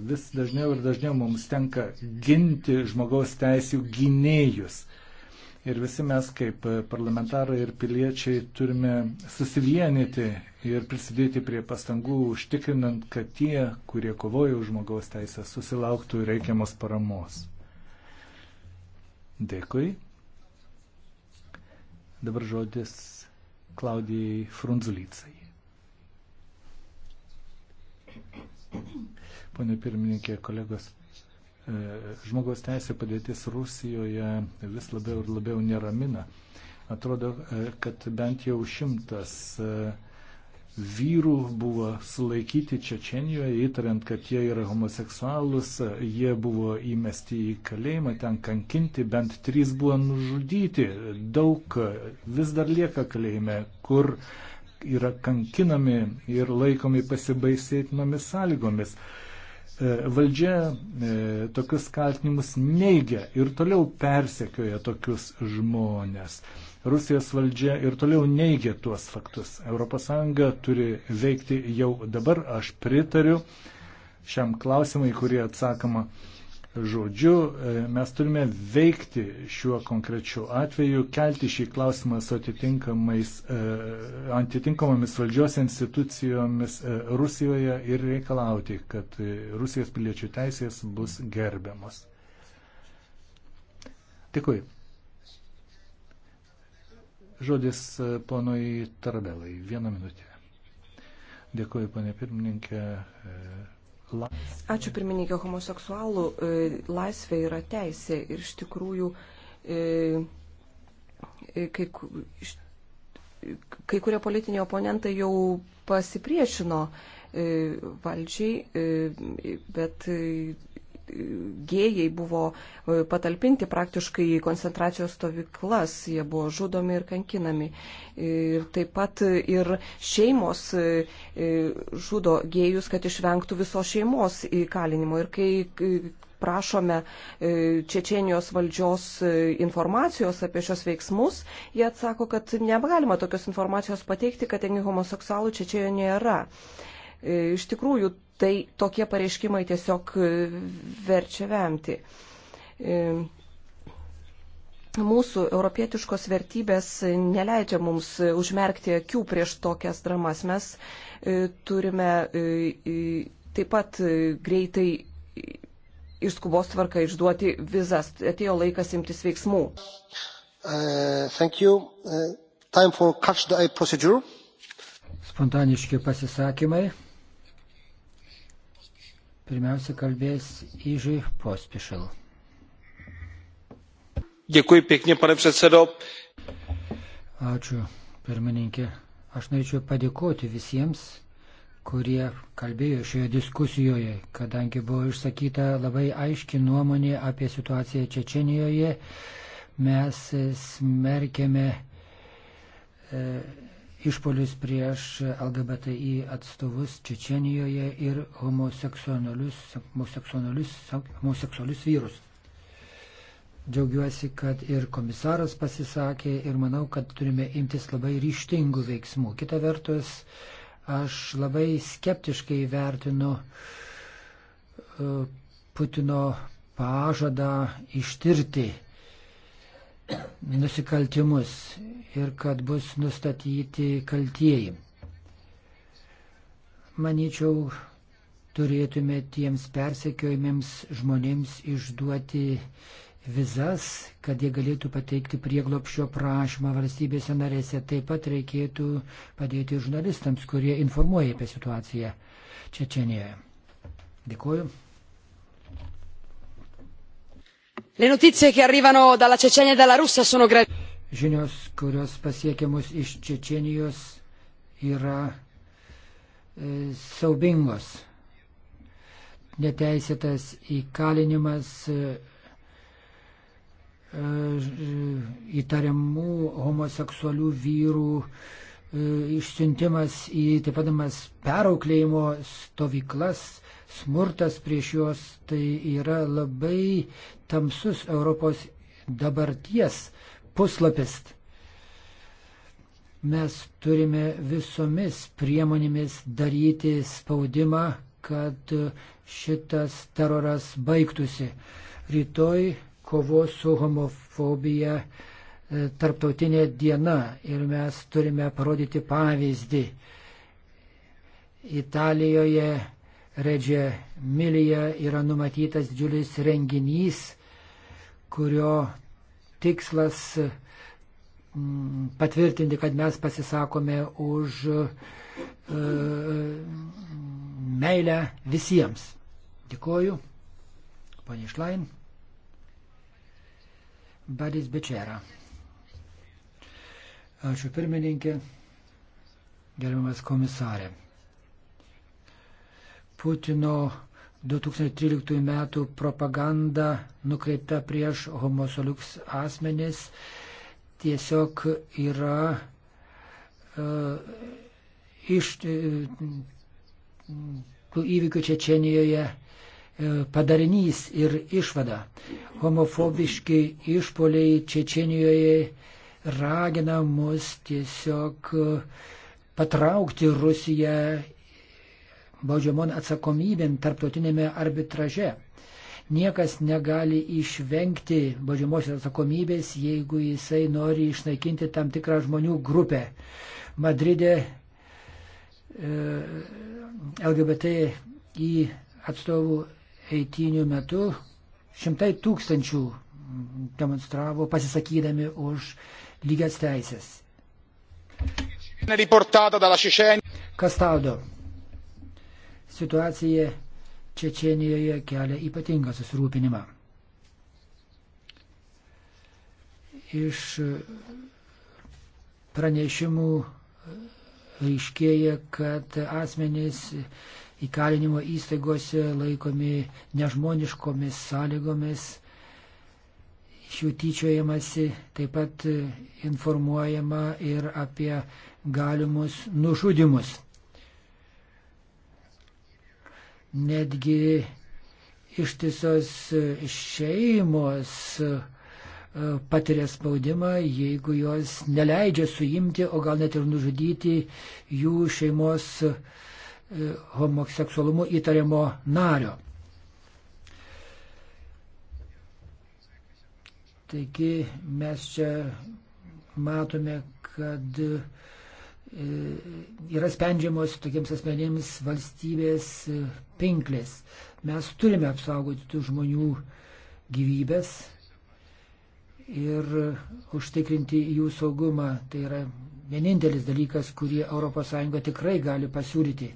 vis dažniau ir dažniau mums tenka ginti žmogaus teisų gynėjus. Ir visi mes kaip parlamentarai ir piliečiai turime susivienyti ir prisidėti prie pastangų užtikrinant, kad tie, kurie kovoja už žmogaus teisę, susilauktų reikiamos paramos. Dėkui. Dabar žodis Klaudijai Frunzulycai. Pone pirmininkė, kolegos, E, žmogaus teisė padėtis Rusijoje vis labiau ir labiau neramina. Atrodo, e, kad bent jau šimtas e, vyrų buvo sulaikyti Čečenijoje, įtariant, kad jie yra homoseksualus, jie buvo įmesti į kalėjimą, ten kankinti, bent trys buvo nužudyti, daug vis dar lieka kalėjime, kur yra kankinami ir laikomi pasibaisėtinomis sąlygomis. E, valdžia e, tokius kaltinimus neigia ir toliau persekioja tokius žmonės. Rusijos valdžia ir toliau neigia tuos faktus. ES turi veikti jau dabar, aš pritariu šiam klausimui, kurį atsakoma Žodžiu, e, mes turime veikti šiuo konkrečiu atveju, kelti šį klausimą su atitinkamomis e, valdžios institucijomis e, Rusijoje ir reikalauti, kad Rusijos piliečių teisės bus gerbiamos. Tikui. Žodis ponui Tarabelai. Vieną minutę. Dėkuoju, ponė pirmininkė. Ačiū pirmininkė, homoseksualų e, laisvė yra teisė ir iš tikrųjų e, e, kai, kai kurie politiniai oponentai jau pasipriešino valdžiai, bet gėjai buvo e, patalpinti praktiškai į koncentracijos stovyklas, jie buvo žudomi ir kankinami. Ir taip pat ir šeimos e, e, žudo gėjus, kad išvengtų visos šeimos įkalinimo. Ir kai prašome Čečienijos valdžios informacijos apie šios veiksmus, jie atsako, kad negalima tokios informacijos pateikti, kadangi homoseksualų Čečienijoje nėra. Iš tikrųjų, tai tokie pareiškimai tiesiog verčia vemti. E, mūsų europietiškos vertybės neleidžia mums užmerkti akių prieš tokias dramas. Mes e, turime e, taip pat greitai iš skubos tvarka išduoti vizas. Atėjo laikas imtis veiksmų. Uh, uh, Spontaniški pasisakymai. Pirmiausia, kalbės Ižai Pospišal. Dėkui, pėkni, pane predsedo. Ačiū, pirmininkė. Aš norėčiau padėkoti visiems, kurie kalbėjo šioje diskusijoje, kadangi buvo išsakyta labai aiški nuomonė apie situaciją Čečenijoje. Mes smerkėme. E, išpolius prieš LGBTI atstovus Čečenijoje ir homoseksualius, homoseksualius, homoseksualius vyrus. Džiaugiuosi, kad ir komisaras pasisakė ir manau, kad turime imtis labai ryštingų veiksmų. Kita vertus, aš labai skeptiškai vertinu e, Putino pažadą ištirti nusikaltimus ir kad bus nustatyti kaltieji. Manyčiau, turėtume tiems persekiojimiems žmonėms išduoti vizas, kad jie galėtų pateikti prieglopšio prašymą valstybėse narėse. Taip pat reikėtų padėti žurnalistams, kurie informuoja apie situaciją Čečenijoje. Dėkuoju. Le notizie che arrivano dalla Čečenija e dalla Rusija sono gravi. Žinios, kurios pasiekiamus iš Čečenijos, yra e, saubingos. Neteisėtas įkalinimas e, e, e įtariamų homoseksualių vyrų e, E, išsiuntimas į taip vadinamas perauklėjimo stovyklas, smurtas prieš juos, tai yra labai tamsus Europos dabarties puslapis. Mes turime visomis priemonėmis daryti spaudimą, kad šitas teroras baigtųsi. Rytoj kovos su homofobija E, tarptautinė diena ir mes turime parodyti pavyzdį. Italijoje Redžė Milija yra numatytas didžiulis renginys, kurio tikslas mm, patvirtinti, kad mes pasisakome už e, meilę visiems. Dėkoju. Pane Šlain. Badis Bečera. Ačiū pirmininkė, gerbiamas komisarė. Putino 2013 metų propaganda nukreipta prieš homosoliuks asmenis tiesiog yra uh, iš uh, tų įvykių Čečenijoje e, padarinys ir išvada. Homofobiški išpoliai Čečenijoje ragina mus tiesiog e, patraukti Rusiją baudžiamon atsakomybėn tarptautinėme arbitraže. Niekas negali išvengti baudžiamosios atsakomybės, jeigu jisai nori išnaikinti tam tikrą žmonių grupę. Madride e, LGBT į atstovų eitinių metu šimtai tūkstančių demonstravo pasisakydami už lygias teisės. Kastado. Situacija Čečenijoje kelia ypatingą susirūpinimą. Iš pranešimų aiškėja, kad asmenys įkalinimo įstaigose laikomi nežmoniškomis sąlygomis, šių tyčiojamasi, taip pat informuojama ir apie galimus nužudimus. Netgi ištisos šeimos e, patiria spaudimą, jeigu jos neleidžia suimti, o gal net ir nužudyti jų šeimos e, homoseksualumu įtariamo nario. Taigi mes čia matome, kad e, yra sprendžiamos tokiems asmenėms valstybės e, pinklės. Mes turime apsaugoti tų žmonių gyvybės ir užtikrinti jų saugumą. Tai yra vienintelis dalykas, kurį ES tikrai gali pasiūlyti.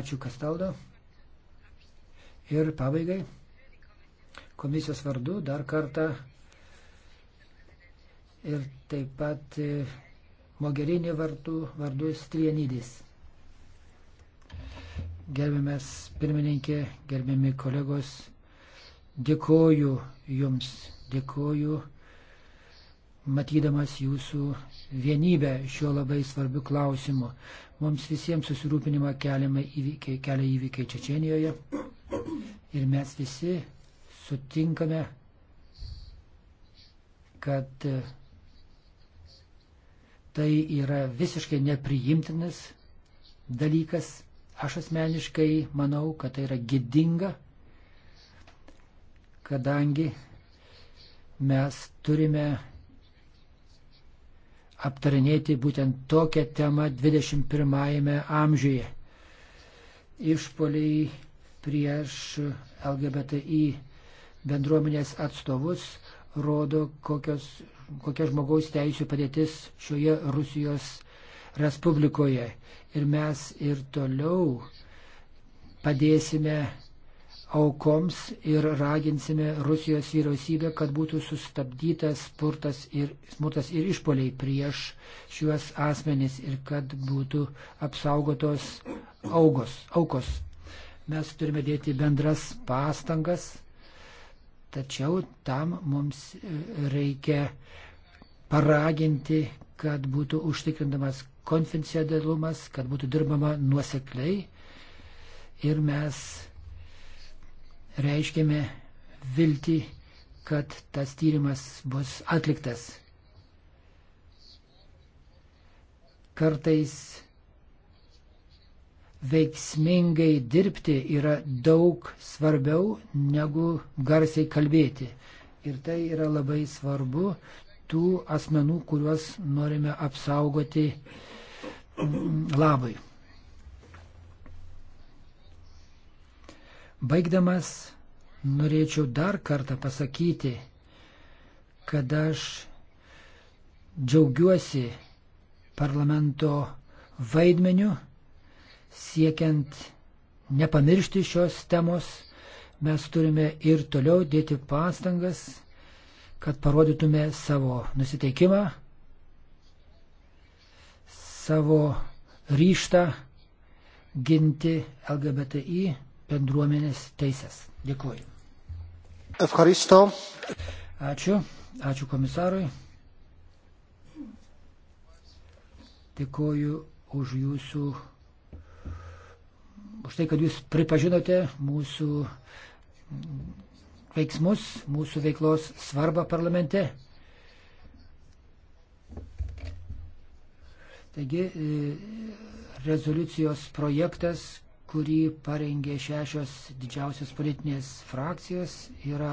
Ačiū Kastaldo. Ir pabaigai komisijos vardu dar kartą ir taip pat e, Mogerinį vardu, vardu Strienydis. Gerbiamas pirmininkė, gerbiami kolegos, dėkoju Jums, dėkoju matydamas Jūsų vienybę šiuo labai svarbiu klausimu. Mums visiems susirūpinimą įvykiai, kelia įvykiai Čečenijoje ir mes visi sutinkame, kad e, Tai yra visiškai nepriimtinas dalykas. Aš asmeniškai manau, kad tai yra gidinga, kadangi mes turime aptarinėti būtent tokią temą 21-ame amžiuje. Išpoliai prieš LGBTI bendruomenės atstovus rodo, kokios kokia žmogaus teisų padėtis šioje Rusijos Respublikoje. Ir mes ir toliau padėsime aukoms ir raginsime Rusijos vyriausybę, kad būtų sustabdytas spurtas ir, smurtas ir išpoliai prieš šiuos asmenys ir kad būtų apsaugotos augos, aukos. Mes turime dėti bendras pastangas Tačiau tam mums e, reikia paraginti, kad būtų užtikrindamas konfidencialumas, kad būtų dirbama nuosekliai. Ir mes reiškėme viltį, kad tas tyrimas bus atliktas. Kartais veiksmingai dirbti yra daug svarbiau negu garsiai kalbėti. Ir tai yra labai svarbu tų asmenų, kuriuos norime apsaugoti mm, labai. Baigdamas, norėčiau dar kartą pasakyti, kad aš džiaugiuosi parlamento vaidmeniu siekiant nepamiršti šios temos, mes turime ir toliau dėti pastangas, kad parodytume savo nusiteikimą, savo ryštą ginti LGBTI bendruomenės teisės. Dėkuoju. Evharisto. Ačiū. Ačiū komisarui. Dėkuoju už jūsų už tai, kad jūs pripažinote mūsų veiksmus, mūsų veiklos svarbą parlamente. Taigi e, rezoliucijos projektas, kurį parengė šešios didžiausios politinės frakcijos, yra